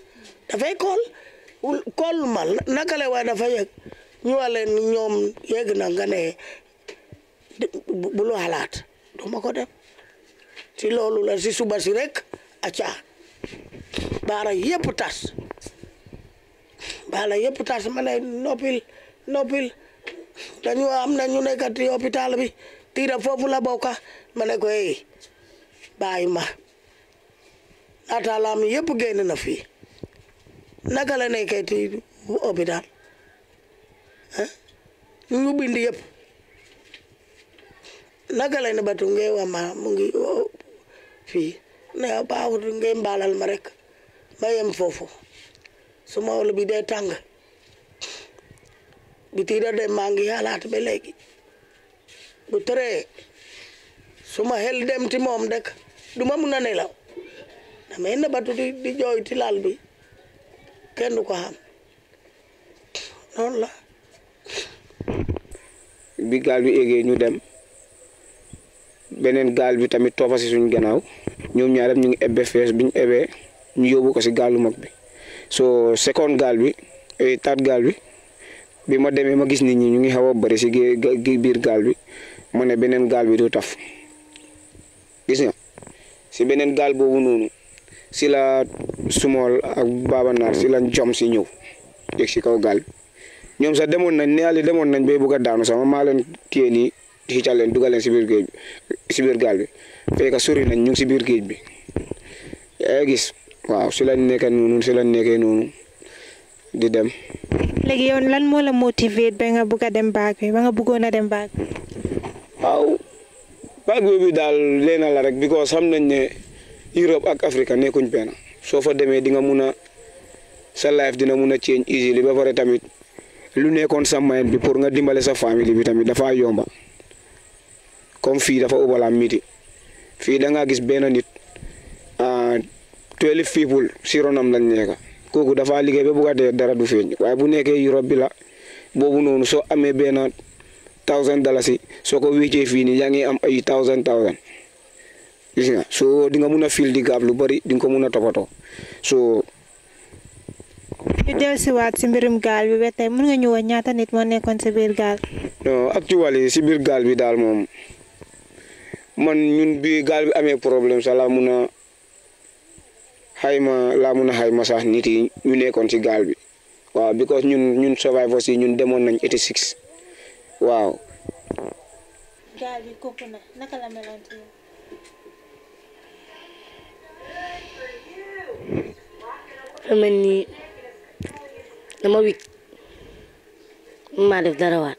[SPEAKER 21] dafay kool kool ma naka la waaye dafa yegg ñu wax ñoom yegg na nga ne bulu xalaat du ma ko def. ci loolu la si suba si rek acca baara yëpp tas baara yëpp tas ma ne noppil noppil dañu am na ñu nekkati hôpital bi tiira foofu la bokka ma ne ko hey bàyyi ma ataalaam yëpp génn na fii naka la nekkee ci hôpital ñu bind yëpp naka la ne batu ngeewa ma mu fii ne baaxut ngeen mbalal ma rek ma yem fofu su wala bi tang bi ti da de mangi ngi xalaat be léegi bu tere su ma dem ti mom dek du ma mun a nelaw damay di di joy ti lal bi ken du ko non la
[SPEAKER 25] bi galu bi ñu dem benen gal bi tamit toppa ci suñu gannaaw ñoom ñaar ñu ngi ebbe fess ebe, ebbe ñu yobu ko ci galu mag bi so second gal bi eh, taat gaal bi bi ma demee ma gis nit ñi ñu ngi xawa bari ci biir gal bi ma ne gal bi du taf gis nga si gal gaal wu nunu. si la sumol ak nar si lañ jom si ñew yek ci kaw Nyom ñoom sa demoon nañ neali demoon nañ bay bu ga daanu sama ma leen téye xiical leen dugal leen si biir géej bi si biir gaal bi ka sori nañ ñu ngi si biir géej bi yaa gis waaw su lañ nekkee noonu su lañ nekkee noonu di dem.
[SPEAKER 10] léegi yow lan moo la motivé ba nga bugg a dem baag bi ba nga buggoon a dem baag.
[SPEAKER 25] waaw baag boobu daal leen la rek because xam nañ ne Europe ak Afrique nekkuñ benn soo fa demee di nga mun a sa life dina mun a change easily ba pare tamit lu nekkoon sa moyen bi pour nga dimbale sa famille bi tamit dafa yomba comme fii dafa ubalam miti fii da nga gis benn nit ah, twelve people si ronam lañ nekk kooku dafa liggéey ba bugg a dee dara du feeñ waaye bu nekkee Europe bi la boobu noonu soo amee benn thousand si soo ko wéccee fii nii yaa ngi am ay thousand thousand gis nga so di nga mun a fil di gaab lu bari di nga ko mun a toppatoo soo.
[SPEAKER 10] ñu dellusiwaat si mbirum gaal bi ba tey mën nga ñaata nit moo nekkoon si biir gaal.
[SPEAKER 25] non actuellement si biir gaal bi daal moom. man ñun bi gaal bi amee problème sax laa mun a xayma laa mun a xayma sax nit yi ñu nekkoon ci gaal bi waaw because ñun ñun survivors ñun demoon nañ 86 waaw.
[SPEAKER 10] gaal bi këpp na naka la meloon ci
[SPEAKER 3] ni dama wik
[SPEAKER 21] def dara waat.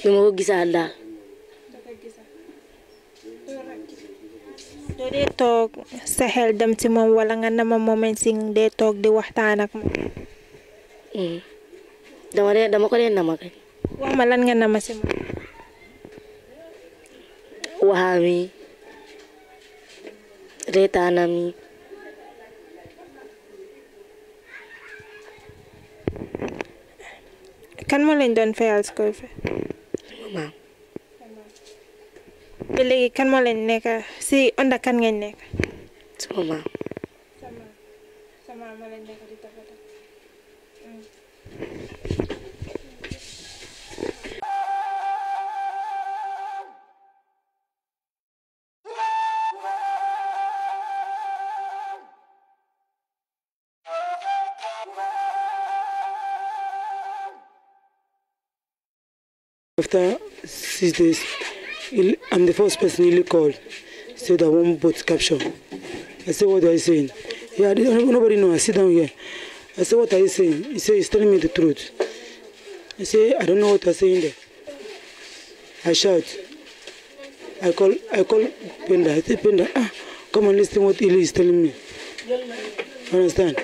[SPEAKER 10] nu gisa ko gisaat daal. doo dee sa hel dem ci mom wala nga nama moment sing de tok di waxtaan ak
[SPEAKER 4] hmm dama dee dama ko nama kay.
[SPEAKER 10] wa ma lan nga nama ma moom. waxaam yi kan mo len don fayal fe waaw. te léegi kan moo leen nekk si onda kan ngeen nekk. sama
[SPEAKER 22] After six days, I'm the first person he called. Said I one boat both capture. I said, what are you saying? Yeah, nobody knows. I sit down here. I said, what are you saying? He said, he's telling me the truth. I said, I don't know what I'm saying there. I shout. I call, I call Penda. I say, Penda, ah, come and listen what Ili is telling me. Understand?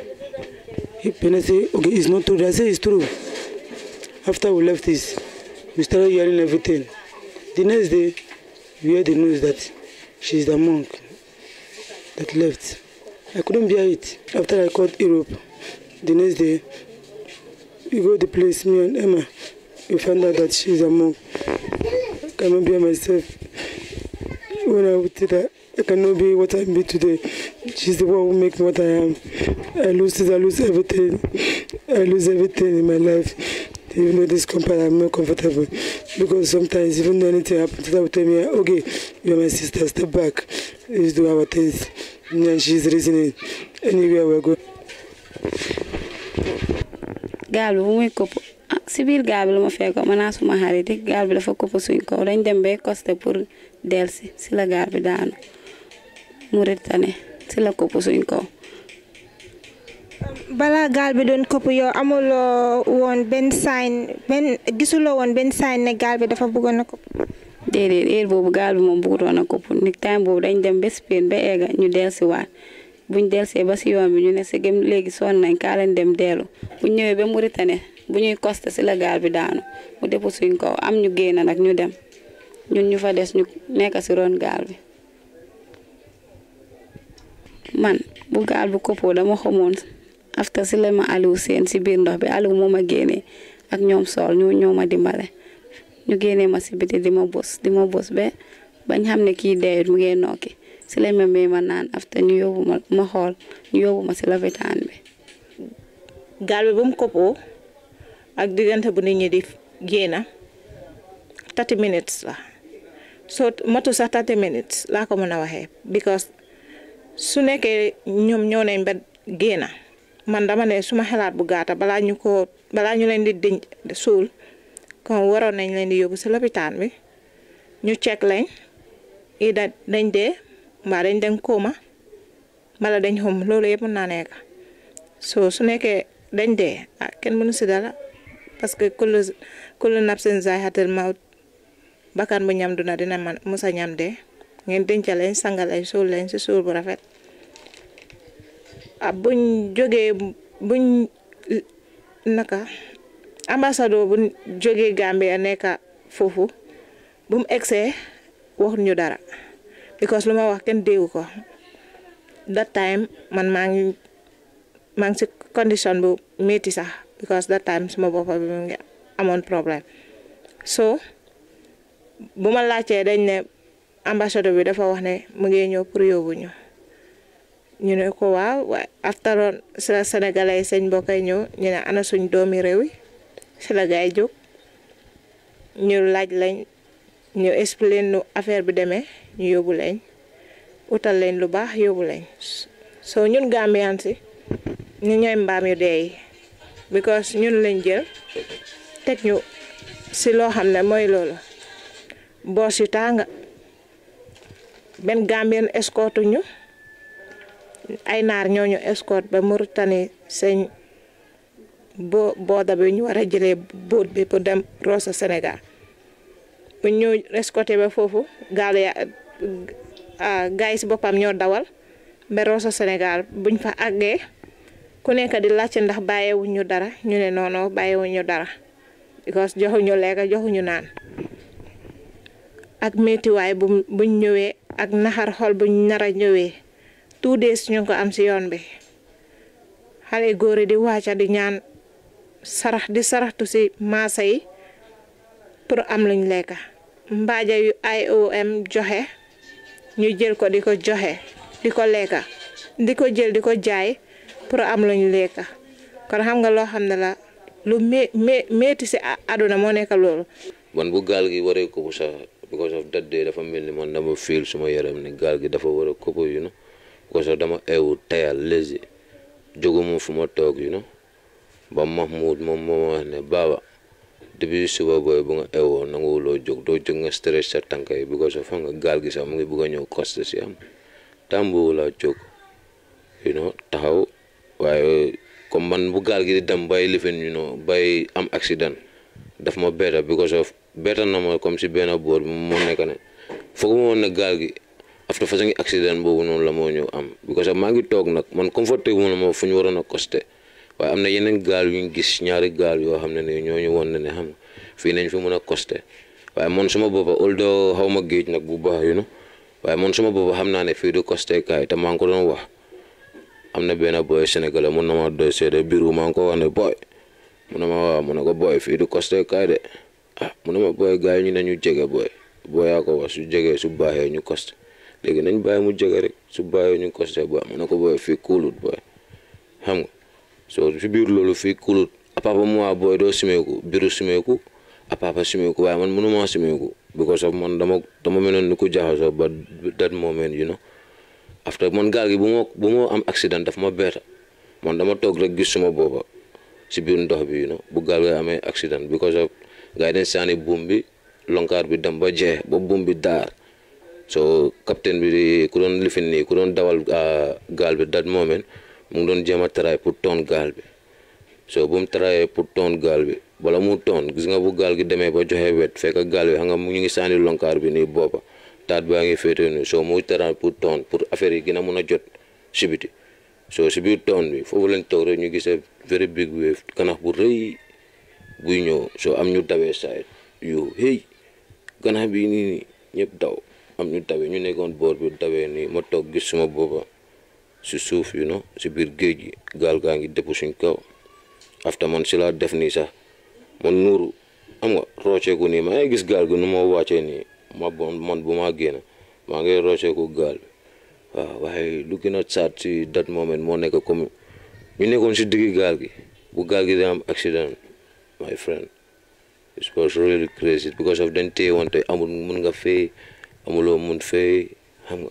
[SPEAKER 22] Penda say, okay, it's not true. I say, it's true. After we left this, we started hearing everything. The next day, we heard the news that she's the monk that left. I couldn't bear it. After I called Europe, the next day, we go to the place, me and Emma, we found out that she's a monk. I cannot bear myself. When I would say that, I cannot be what I am today. She's the one who makes what I am. I lose I lose everything. I lose everything in my life. even though this company I'm because sometimes even though anything okay, you're sister, step back, let's do our things. And she's reasoning anywhere we go. gaal bi bu
[SPEAKER 9] ah si biir gaal bi la ma fekk ma naa suma xarit yi gaal bi dafa këpp suñ kaw dañ dem bay costé pour delsi si la gaal bi daanu mu ritane si la këpp suñ kaw
[SPEAKER 10] balaa gaal bi doon këpp yow amuloo woon benn sign benn gisuloo woon benn sign ne gaal bi dafa bëggoon a këpp. déedéet heure boobu
[SPEAKER 9] gaal bi moom bëggoon a këpp ni time boobu dañ dem ba Spain ba egga ñu dellusiwaat buñ dellusee ba si yoon bi ñu ne sa gëm léegi sonn nañ kaa leen dem dellu buñ ñëwee ba Mauritanie bu ñuy costa si la gaal bi daanu mu depp suñ kaw am ñu génn nag ñu dem ñun ñu fa des ñu nekk si ron gaal bi. man bu gaal bu këppoo dama xamoon. after si la ma Aliou seen si biir ndox bi Aliou moom ma génnee ak ñoom sol ñu ñoo ma dimbale ñu génnee ma si biti di ma bës di ma bës ba bañ xam ne kii deewit mu ngee nokki si lañ ma may ma naan after ñu yóbbu ma xool ñu yóbbu ma si
[SPEAKER 14] lopitaan bi. gaal bi ba mu koppoo ak diggante bu nit ñi di génna 30 minutes la matu sax 30 minutes laa ko mën a waxee because su nekkee ñoom ñoo nañ ba génna man dama ne suma xalaat bu gaata balaa ñu ko balaa ñu leen di denc suul kon waroon nañ leen di yóbbu si lopitaan bi ñu ceeg lañ i da dañ dee mbaa dañ dem kooma mala dañ xom loolu yëpp mën naa nekk soo su nekkee dañ dee a ah, kenn mënu si dara parce que kullu kullu nafsin zaa'iqatul mawt bakkan bu ñam duna dina man musa ñam dee ngeen denca lañ sanga lañ suul lañ si suul bu rafet ah buñ jógee buñ naka ambassadeur buñ jógee Gambia nekka foofu bu mu egsee waxut ñu dara because lu ma wax kenn déggu ko that time man maa ngi maa ngi si condition bu métti sax because that time suma boppa bi mu ngi amoon problème so bu ma laajtee dañ ne ambassadeur bi dafa wax ne mu ngi ñëw pour yóbbu ñu ne ko waaw aftaroon sa sénégalais yi seen mbokk yi ñëw ñu ne ana suñ doomi réew yi si jóg ñu laaj lañ ñu expliqué nu affaire bi demee ñu yóbbu lañ wutal leen lu baax yóbbu lañ so ñun Gambian si ñu ñooy mbaam yu dee yi ñun lañ jël teg ñu si loo xam ne mooy loolu boos yu tànga benn Gambian escorte ay naar ñooñu escorte ba Mauritanie sëñ bo booda bi ñu war a jëlee boot bi pour dem Rosso Sénégal bu ñu escorté ba foofu gaal ya ah, gaay boppam ñoo dawal ba Rosso Sénégal buñ fa àggee ku nekk di laajte ndax bàyyiwuñ dara ñu ne noono bàyyiwuñ dara because joxuñu lekk joxuñu naan ak métiwaay bu buñ ñëwee ak naxar xol buñ nar a ñëwee tudes ñun ko am siyon yoon bi xale e di wacha di ñaan sarax di tu si maasa yi pour am lañ lekka mbaaja yu IOM joxe ñu jël ko di ko joxe di ko lekka di ko jël di ko jaay pour am lañ lekka kon xam nga lo xam la lu me me metti si aduna mo nekk lool
[SPEAKER 23] man bu gal gi waré ko sa because of that day dafa melni mon man dama feel suma yaram ni gal gi dafa war ko ko you know Kosodama eu tire lazy. jóguma fu ma toog you know ba Mahmoud moom moo wax ne baaba depuis suba bu nga ewoo nanguwuloo jóg doo jóg nga stress sa tànk yi because of nga gaal gi sax mu ngi bugg a ñëw coste si am tàmbuwu laa jóg you know taxaw waaye comme man bu gaal gi di dem bay lifin you know bay am accident daf ma beeta because of beeta na ma comme si benn boor bi moo nekk ne foog ma ne gaal gi after façon accident boobu noonu la moo ñëw am because maa ngi toog nag man comforté wu ma fu ñu waroon a costé waaye am na yeneen gaal yu ñu gis ñaari gaal yoo xam ne ni ñoo ñu woon ne ne xam fii nañ fi mën a costé waaye man suma boppa although xaw ma géej nag bu baax yu waaye man suma boppa xam naa ne fii du costé kaay te maa ngi ko doon wax am na benn boy sénégalais mun na ma doy seede biiru maa ngi wax ne boy mun na ma waaw mun na ko boy fii du costé kaay de ah na ma boy gars yi ñu ne ñu jege boy boy ko wax su jegee su baaxee ñu costé léegi nañ bàyyi mu jege rek su bàyyi ñu ko see baax mu ne ko booy fii kuulut booy xam nga soo si biir loolu fii mu waa booy doo biru biru Apa apapa simeeku waaye man mënumaa simeeku because of man dama dama meloon ni ku ba that moment you know after man gaal gi bu am accident daf ma beeta man dama toog rek gis suma si biir ndox bi you know bu gaal ame accident because of guidance ani bumbi, bumbi longkar bi lonkaar dem ba so capitaine bi ku doon lifin nii ku doon dawal ah, gaal bi dat moment mu ngi doon jéem a taraay pour ton gaal bi soo bu mu taraayee pour ton gaal bi bala mu ton gis nga bu gaal gi demee ba joxe wet fekk gaal bi xam nga mu ngi sànni lonkaar bi nii boppa taat baa ngi féete nii so muy taraay pour toon affaire yi gën a mun a jot si biti si biir toon bi foofu lañ toog rek ñu gisee very big wave kanax bu rëy buy ñëw so am ñu dawee saay yu hey kanax bi nii nii ñëpp daw am ñu tawee ñu nekkoon boor bi tawee nii ma toog gis suma boppa si suuf yu no si biir géej gi gaal gaa ngi dëpp suñ kaw afta man si laa def nii sax man nuuru am nga rooceeku nii maa ngi gis gaal gi nu moo wàccee ni ma bon man bu ma génn maa ngi rooceeku gaal waaw waaye lu gën a saat si dat moment moo nekk comme ñu nekkoon si digg gaal gi bu gaal gi dina am accident my friend it really crazy because of dañ téye wante amul mun nga fee amuloo mën fay xam nga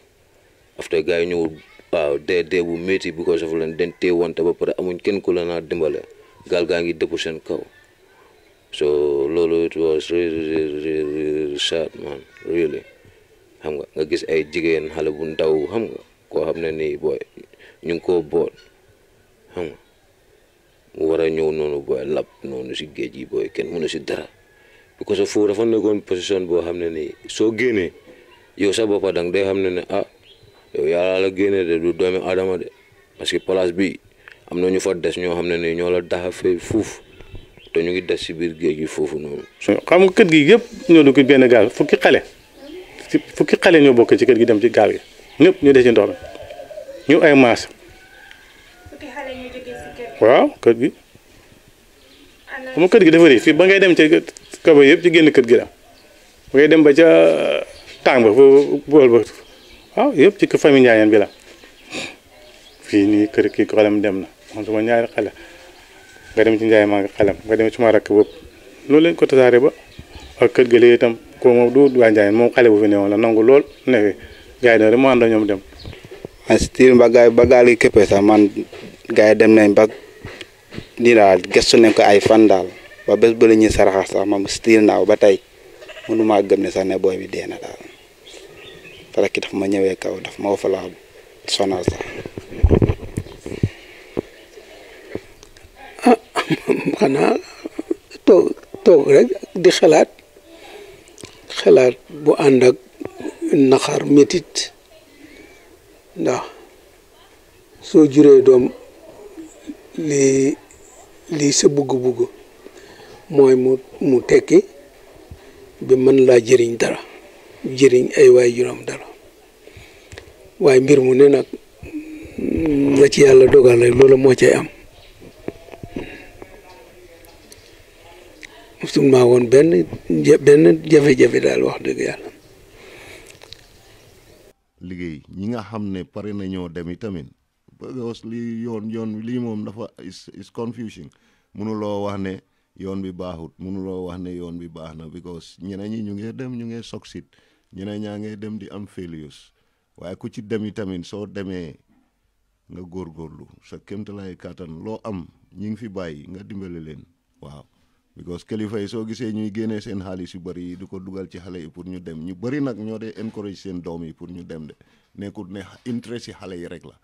[SPEAKER 23] after gars yi ñëwul waaw dee dee bu métti bi ko sofu leen wante ba pare amuñ kenn ku la naa dimbale gaal gaa ngi dëpp seen kaw so loolu it was really man really xam nga nga gis ay jigéen xale bu ndaw xam nga koo xam ne nii booy ñu ngi koo bool xam nga mu war a ñëw noonu booy lab noonu si géej yi booy kenn mënu si dara because of foofu dafa nekkoon position boo xam ne nii soo génnee yow sa boppa dang day xam ne ne ah yow yàlla la génne de du doomi adama de parce que place bi am na ñu fa des ñoo xam ne ni ñoo la daxa fee fuuf te ñu ngi des ci biir
[SPEAKER 20] géej gi foofu noonu. xam kër gi yëpp ñoo dugg benn gaal fukki xale fukki xale ñoo bokk ci kër gi dem ci gaal gi ñëpp ñu des ci ndox mi ñu ay maas. fukki xale gi. waaw kër gi. xam nga kër gi dafa rëy fii ba ngay dem ca kaba yëpp ci génn kër gi la ba ngay dem ba ca. tàng ba bool ba waaw ci famille Ndiayeen bi la fii nii kër kii xelam dem na man suma ñaari dem ci Ndiaye maa ngi xelam nga dem ci ma rakk bopp loolu lañ ko ba ak kër ga léegi itam ko moom du waa Ndiayeen moom xale bu fi newoon la lool ne fi gars yi mu ànd ñoom dem.
[SPEAKER 13] man si ba
[SPEAKER 20] gaal yi sax man
[SPEAKER 13] gars dem nañ ba nii daal gëstu nañ ko ay fan daal ba bés ba la ñuy saraxas sax man si naaw ba tey mënumaa gëm ne sax ne booy bi dee na daal. te kita daf ma ñëwee kaw daf ma wofalaabu sonal sax
[SPEAKER 16] ah xanaa toog toog rek di xalaat xalaat bu ànd ak naxar métit ndax soo juree doom li li sa bugg-bugg mooy mu mu tekki bi mën laa jëriñ dara jiring ay waay juróom dara waaye mbir mu ne nag na ci yàlla dogal rek loola moo cay am mosul maa woon benn benn jafe-jafe daal wax dëgg yàlla.
[SPEAKER 6] liggéey ñi nga xam ne pare nañoo dem itamit parce li yoon yoon lii moom dafa is is confusing mënuloo wax ne yoon bi baaxut mënuloo wax ne yoon bi baax because ñeneen ñi ñu ngi dem ñu ngi ñeneen ñaa ngay dem di am failures waaye ku ci dem yi tamit soo demee nga góor góorlu sa kéemtalaay kàttan loo am ñi ngi fi bàyyi nga dimbale leen waaw because kilifa yi soo gisee ñuy génnee seen xaalis yu bëri yi di ko dugal ci xale yi pour ñu dem ñu bëri nag ñoo dee encourage seen doom yi pour ñu dem de nekkul ne interest yi xale yi rek la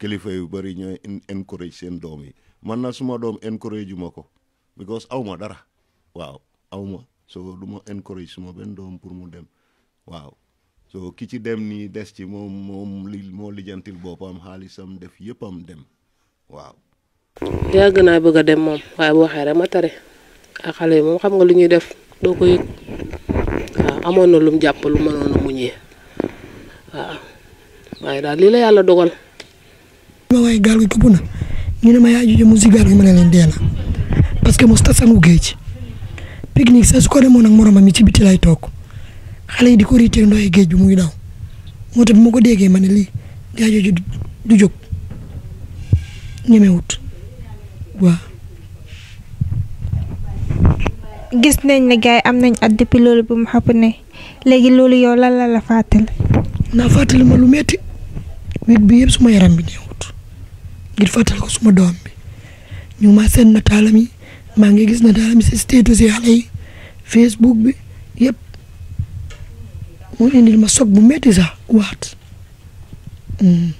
[SPEAKER 6] kilifa yu bëri ñooy encourage seen doom yi man na suma doom encourage ma ko because aw ma dara waaw awma ma soo du ma encourage suma benn doom pour mu dem waaw so ki ci dem ni des ci moom moom li moo lijantil boppam xaalisam def yëppam dem waaw
[SPEAKER 3] yàgg naa bëgg a dem moom waaye bu waxee rek ma tare ak xale yi xam nga lu ñuy def doo ko yëg waaw amoon na lum jàpp lu mënoon a muñee
[SPEAKER 4] waaw waaye daal lii la yàlla dogal
[SPEAKER 18] ma waaye gaal gi këpp na ñu ne ma yaa juje musi gaal gi ma ne leen dee parce que mos tasangu géej pique-nique sa su ko demoon ak moromam yi ci biti lay toog xale yi di ko riitee ndoxi géej bi muy daw moo tax bi ma ko déggee ma ne lii gaa jooju du jóg ñemewut waaw.
[SPEAKER 10] gis nañ ne gars yi am nañ at depuis loolu bu mu xapp ne léegi loolu yow lan la la fàttali.
[SPEAKER 18] naa fàttali ma lu metti wit bi yëpp suma yaram bi neewut ngir fàttali ko suma doom bi ñu ma seen na taalam yi maa ngi gis na taalam yi si status yi xale yi Facebook bi. mu indil ma soog bu metti sax waat. Mm.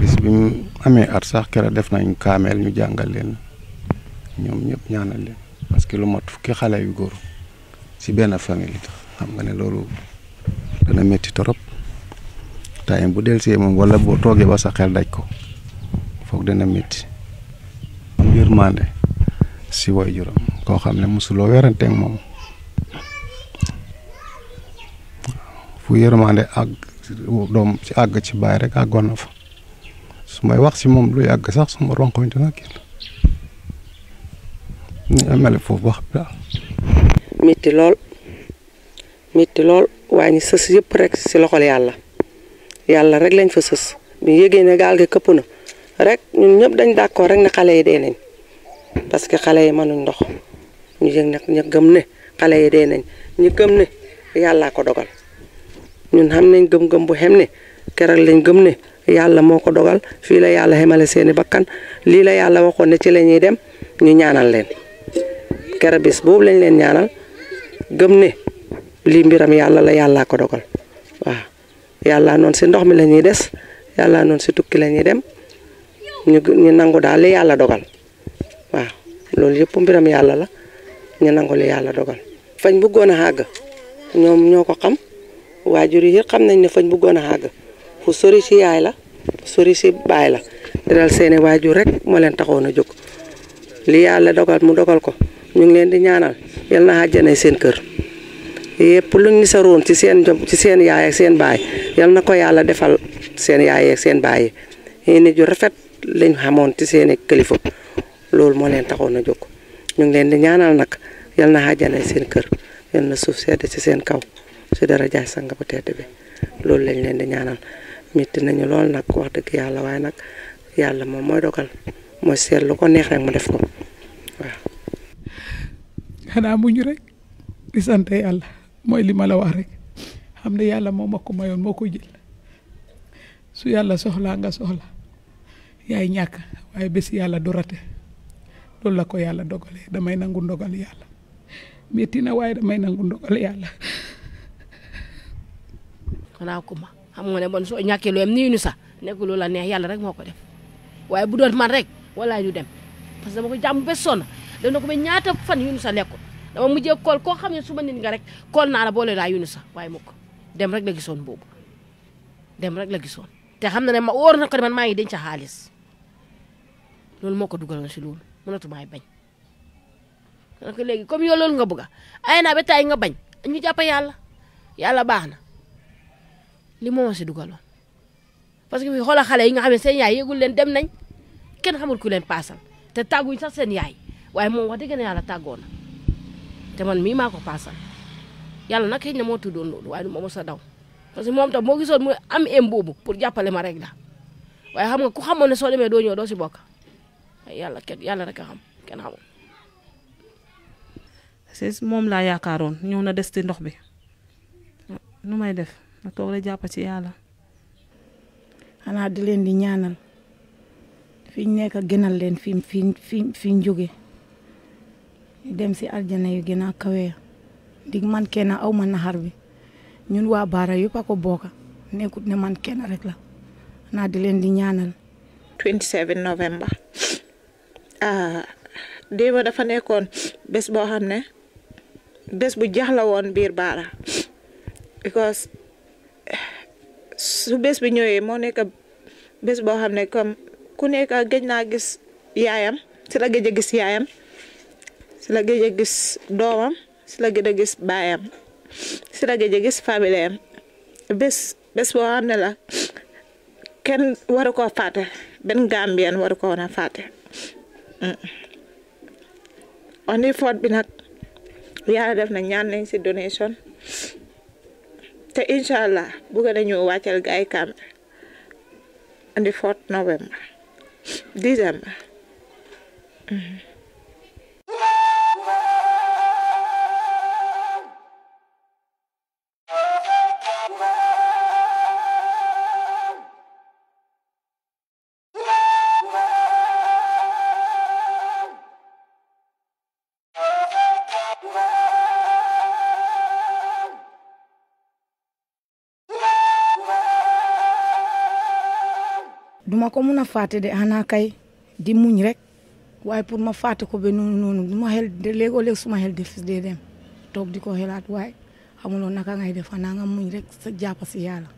[SPEAKER 13] bis bi mu amee at sax keroog def nañ kaameel ñu jàngal leen ñoom ñëpp ñaanal leen parce que lu mot fukki xale yu góor si benn famille tax xam nga ne loolu dana métti torop taay bu del see moom wala boo toogee ba sa xel daj ko foog dana métti. am yërmande si waajuram koo xam ne mosuloo weranteeg moom. bu yërmande ag dom ci ag ci bay rek àggoon fa sumay wax si mom lu yag sax suma ronko ñu nak ni amale foofu wax da
[SPEAKER 19] metti lol metti lol lool waaye ñu rek ci loxol yalla yalla rek lañ fa sës bi yégee ne gal gi kepuna rek ñun ñep dañ d'accord rek ne xalé yi dee nañ parce que xalé yi mënuñ ndox ñu nak ñu gëm ne xalé yi dee nañ ñu gëm ne yalla ko dogal ñun xam nañ gëm-gëm bu xem ne keroog lañ gëm ne yàlla moo ko dogal fii la yàlla xemale seeni bakkan lii la yàlla waxoon ne ci la ñuy dem ñu ñaanal leen keroog bis boobu lañ leen ñaanal gëm ne lii mbiram yàlla la yàlla ko dogal waaw yàlla noonu si ndox mi la ñuy des yàlla noonu si tukki la ñuy dem ñu nangu daal li yàlla dogal waaw loolu yëpp mbiram yàlla la ñu nangu la yàlla dogal fañ bëggoon a àgg ñoom ñoo ko xam waajur yi xam nañ ne fañ bëggoon a àgg fu sori ci yaay la fu sori ci baay la dalal seeni waajur rek moo leen taxoon a jóg li yàlla dogal mu dogal ko ñu ngi leen di ñaanal yal na àjjana seen kër yépp luñ ni ci seen ci seen yaay baay yal na ko yàlla defal seen yaay ak seen baay yi ju rafet lañ xamoon ci seeni kilifa loolu moo leen taxoon a jóg ñu ngi leen di ñaanal nag yal na àjjana seen kër na suuf sedd ci seen kaw su dara jaay sang bu tedd bi loolu lañ leen di ñaanal métti nañu lool nag ya wax dëgg yàlla ya waaye nag yàlla mo mooy dogal mo seet lu ko neex rek mu def ko waaw.
[SPEAKER 4] xanaa muñu rek di sant yàlla ya mooy li ma la wax rek xam ne yàlla moo dorate, ko mayoon moo ko jël su yàlla soxlaa nga soxla yaay ñàkk waaye bés yàlla du rate la ko damay nangu na damay nangu
[SPEAKER 3] xanaa kuma xam nga ne bon soo ñàkkee lu niñu nii ñu sax nekk lu la neex yàlla rek moo ko def waaye bu doon man rek wala ñu dem parce que dama ko jàmm ba sonn na ko ba ñaata fan yu sa sax nekkul dama mujjee kool koo xam ne nit nga rek kool naa la boole laa yu sa sax waaye mu dem rek la gisoon boobu dem rek la gisoon te xam na ne ma wóor na ko ne man maa ngi denc xaalis loolu moo ko dugaloon si loolu maay bañ naka léegi comme yow loolu nga bëgg ay naa ba tay nga bañ ñu jàpp yàlla yàlla baax na li moom si dugaloon parce que wi xoolal xale yi nga xam ne seen yaay yëgul leen dem nañ kenn xamul ku leen paasal te tàgguñ sax seen yaay waaye moom wax dëgg na yàlla tàggoo na te man mii maa ko paasal yàlla nag xëy na moo tuddoon loolu waaye du daw parce que moom tam moo gisoon muy am em boobu pour jàppale ma rek la waaye xam nga ku xamoon ne soo demee doo ñëw doo si bokk yàlla kenn yàlla rek xam kenn xamul. moom laa yaakaaroon ñëw na des ci ndox bi nu may def. nga toog
[SPEAKER 8] la jàpp ci yàlla xanaa di leen di ñaanal fi ñu nekk gënal leen fi fi fi fi jóge dem si aljana yu gën a kawe man kena aw ma naxar bi ñun waa Baara yëpp a ko bokk nekkut ne man kenn rek la xanaa di leen di ñaanal.
[SPEAKER 14] 27 novembre ah démb dafa nekkoon bés boo xam ne bés bu jaxla woon biir Baara because su bés bi ñëwee moo nekk bés boo xam ne comme ku nekk gëj naa gis yaayam si la gëj a gis yaayam si la gëj a gis doomam si la gëj gis baayam si la gëj a gis familleem bés bés boo xam ne la kenn waru koo fàtte benn Gambien waru ko woon a on bi nag yàlla def na ñaan nañ si donation te incha allah bëgg ñëw wàccal ga ay caméra andi novembre décembre mm-hmm.
[SPEAKER 8] ma ko mun a fàtte de xanaa kay di muñ rek waaye pour ma fàtte ko ba noonu noonu du ma xel de léegoo léeg suma xel def dee dem toog di ko xelaat waaye xamuloo naka ngay def xanaa nga muñ rek sa jàpp si
[SPEAKER 17] yàlla.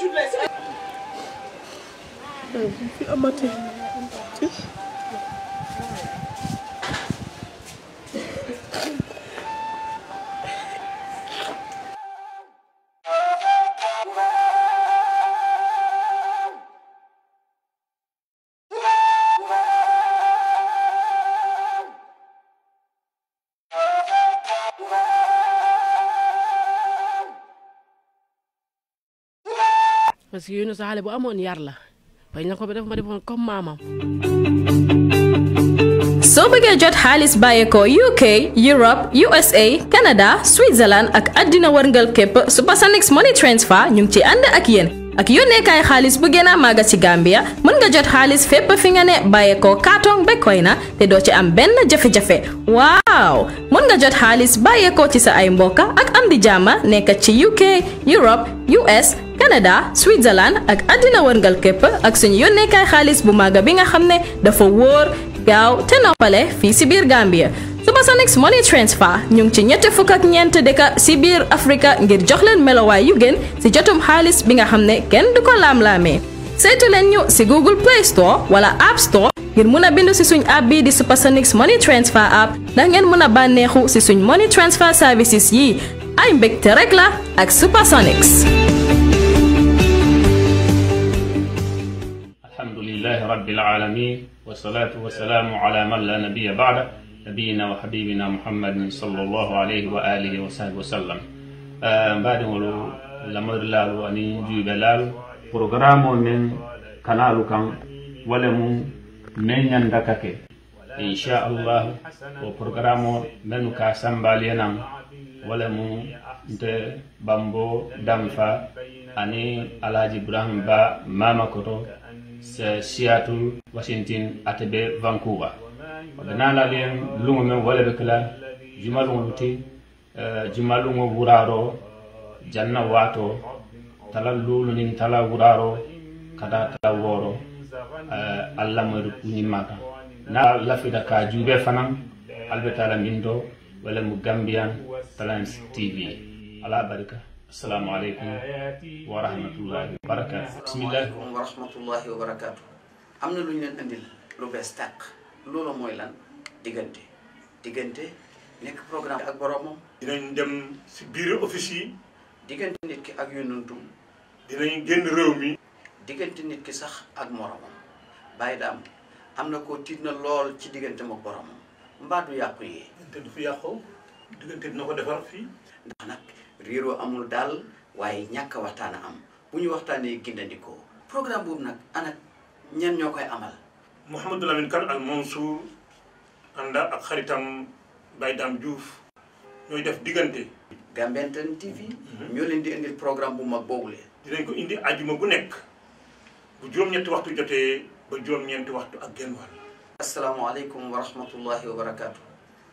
[SPEAKER 21] children.
[SPEAKER 26] Amate.
[SPEAKER 3] parce que Younouss amoon yar la bañ na ko ba def ma defoon comme
[SPEAKER 1] soo bëggee jot xaalis bàyyeekoo UK Europe USA Canada Switzerland ak àddina wërngal képp Supersonix Money Transfer ñu ngi ci ànd ak yéen ak yónneekaay xaalis bu gën a màgg ci Gambia mën nga jot xaalis fépp fi nga ne bàyyeekoo kaatong ba na te doo ci am benn jafe-jafe waaw mën nga jot xaalis bàyyeekoo ci sa ay mbokka ak am di jàmma nekk ci UK Europe US Canada Switzerland ak àddina wërngal képp ak suñu kay xaalis bu maga bi nga xam ne dafa wóor gaaw te noppale fi ci bir Gambia Supersonics Money Transfer ñu ci ñetti fuk ak ci bir Afrika ngir jox leen melaway yu gën ci jotum xaalis bi nga xam ne du ko leen ñu si Google Play Store wala App Store ngir mëna bindu ci suñu app bi di Supersonics Money Transfer app ndax ngeen mëna a ci suñu Money Transfer services yi ay back rek la ak Supersonics
[SPEAKER 2] لله رب العالمين والصلاة والسلام على من لا نبي بعد نبينا وحبيبنا محمد صلى الله عليه وآله وصحبه وسلم آه، بعد ولو لمر لالو أني جيب لالو برنامج من كنالو كان ولم من يندكك إن شاء الله وبرنامج من كاسم بالينا ولم انت بامبو دمفا أني على جبران با ماما كتو seattle washington ata ɓe vancouva oɓe nanaliyen lungo men waleɓe kala juma lungo luti e, juma lungo wuraro janna wato tala lulunin tala wuraro kada tala woro e, allah moyde kuñimmaka na lafida ka juuɓe fanan albe tala min do walla mo gambiyan talance tv ala barika asalaamaaleykum wa rahmatullahi wa barakaatu.
[SPEAKER 27] am na lu ñu leen andil lu bees tàq loolu mooy lan diggante diggante nekk programme ak boromam. dinañ dem si biir office yi. diggante nit ki ak yonantu. dinañ génn réew mi. diggante nit ki sax ak moromam bàyyi daam am na ko tiit na lool ci diggante ma boromam mbaa du yàqu yi. diggante du fi yàqu diggante dina ko defar fii. ndax nag. réeroo amul daal waaye ñàkk waxtaan am bu ñu waxtaanee gindandikoo programme boobu nag ana ñan ñoo koy amal. Mouhamadou Lamine Kane ak Mansour ànda ak xaritam Baye Dame juuf ñoo def diggante. Gambian TV. Mhm. ñoo leen di indil programme bu mag boobu leen. dinañ ko indi ajuma bu nekk bu juróom-ñetti waxtu jotee ba juróom-ñeenti waxtu ak genn wàll. asalaamaaleykum wa rahmatullahi wa barakaatu.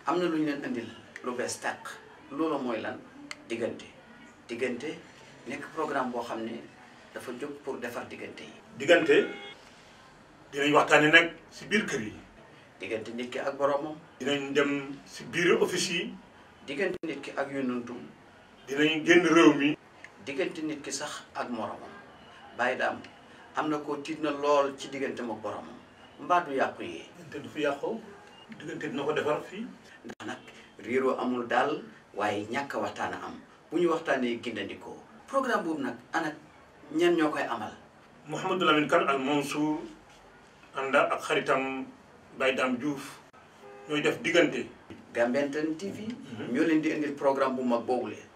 [SPEAKER 27] am na lu ñu leen indil lu bees tàq loola mooy lan. diggante diggante nekk programme boo xam ne dafa jóg pour defar diggante yi. diggante dinañ waxtaanee nag si biir kër yi. diggante nit ki ak boroomam. dinañ dem si biir office yi. diggante nit ki ak yonantu.
[SPEAKER 26] dinañ génn réew mi.
[SPEAKER 27] diggante nit ki sax ak moroomam bàyyi daam am na ko tiit na lool ci diggante ma boroomam mbaa du yàqu yi. diggante du fi yàqu diggante dina ko defar fii. ndax nag réeroo amul daal. waaye ñàkk a waxtaan a am bu ñu waxtaan waxtaanee gindandikoo programme boobu nag ana ñan ñoo koy amal. Mouhamadou Lamine Kane Al Mansour ànd ak xaritam Baye Dame Diouf ñooy def diggante. Gambian Talents TV. Mhm. ñoo leen di indil programme bu mag boobu leen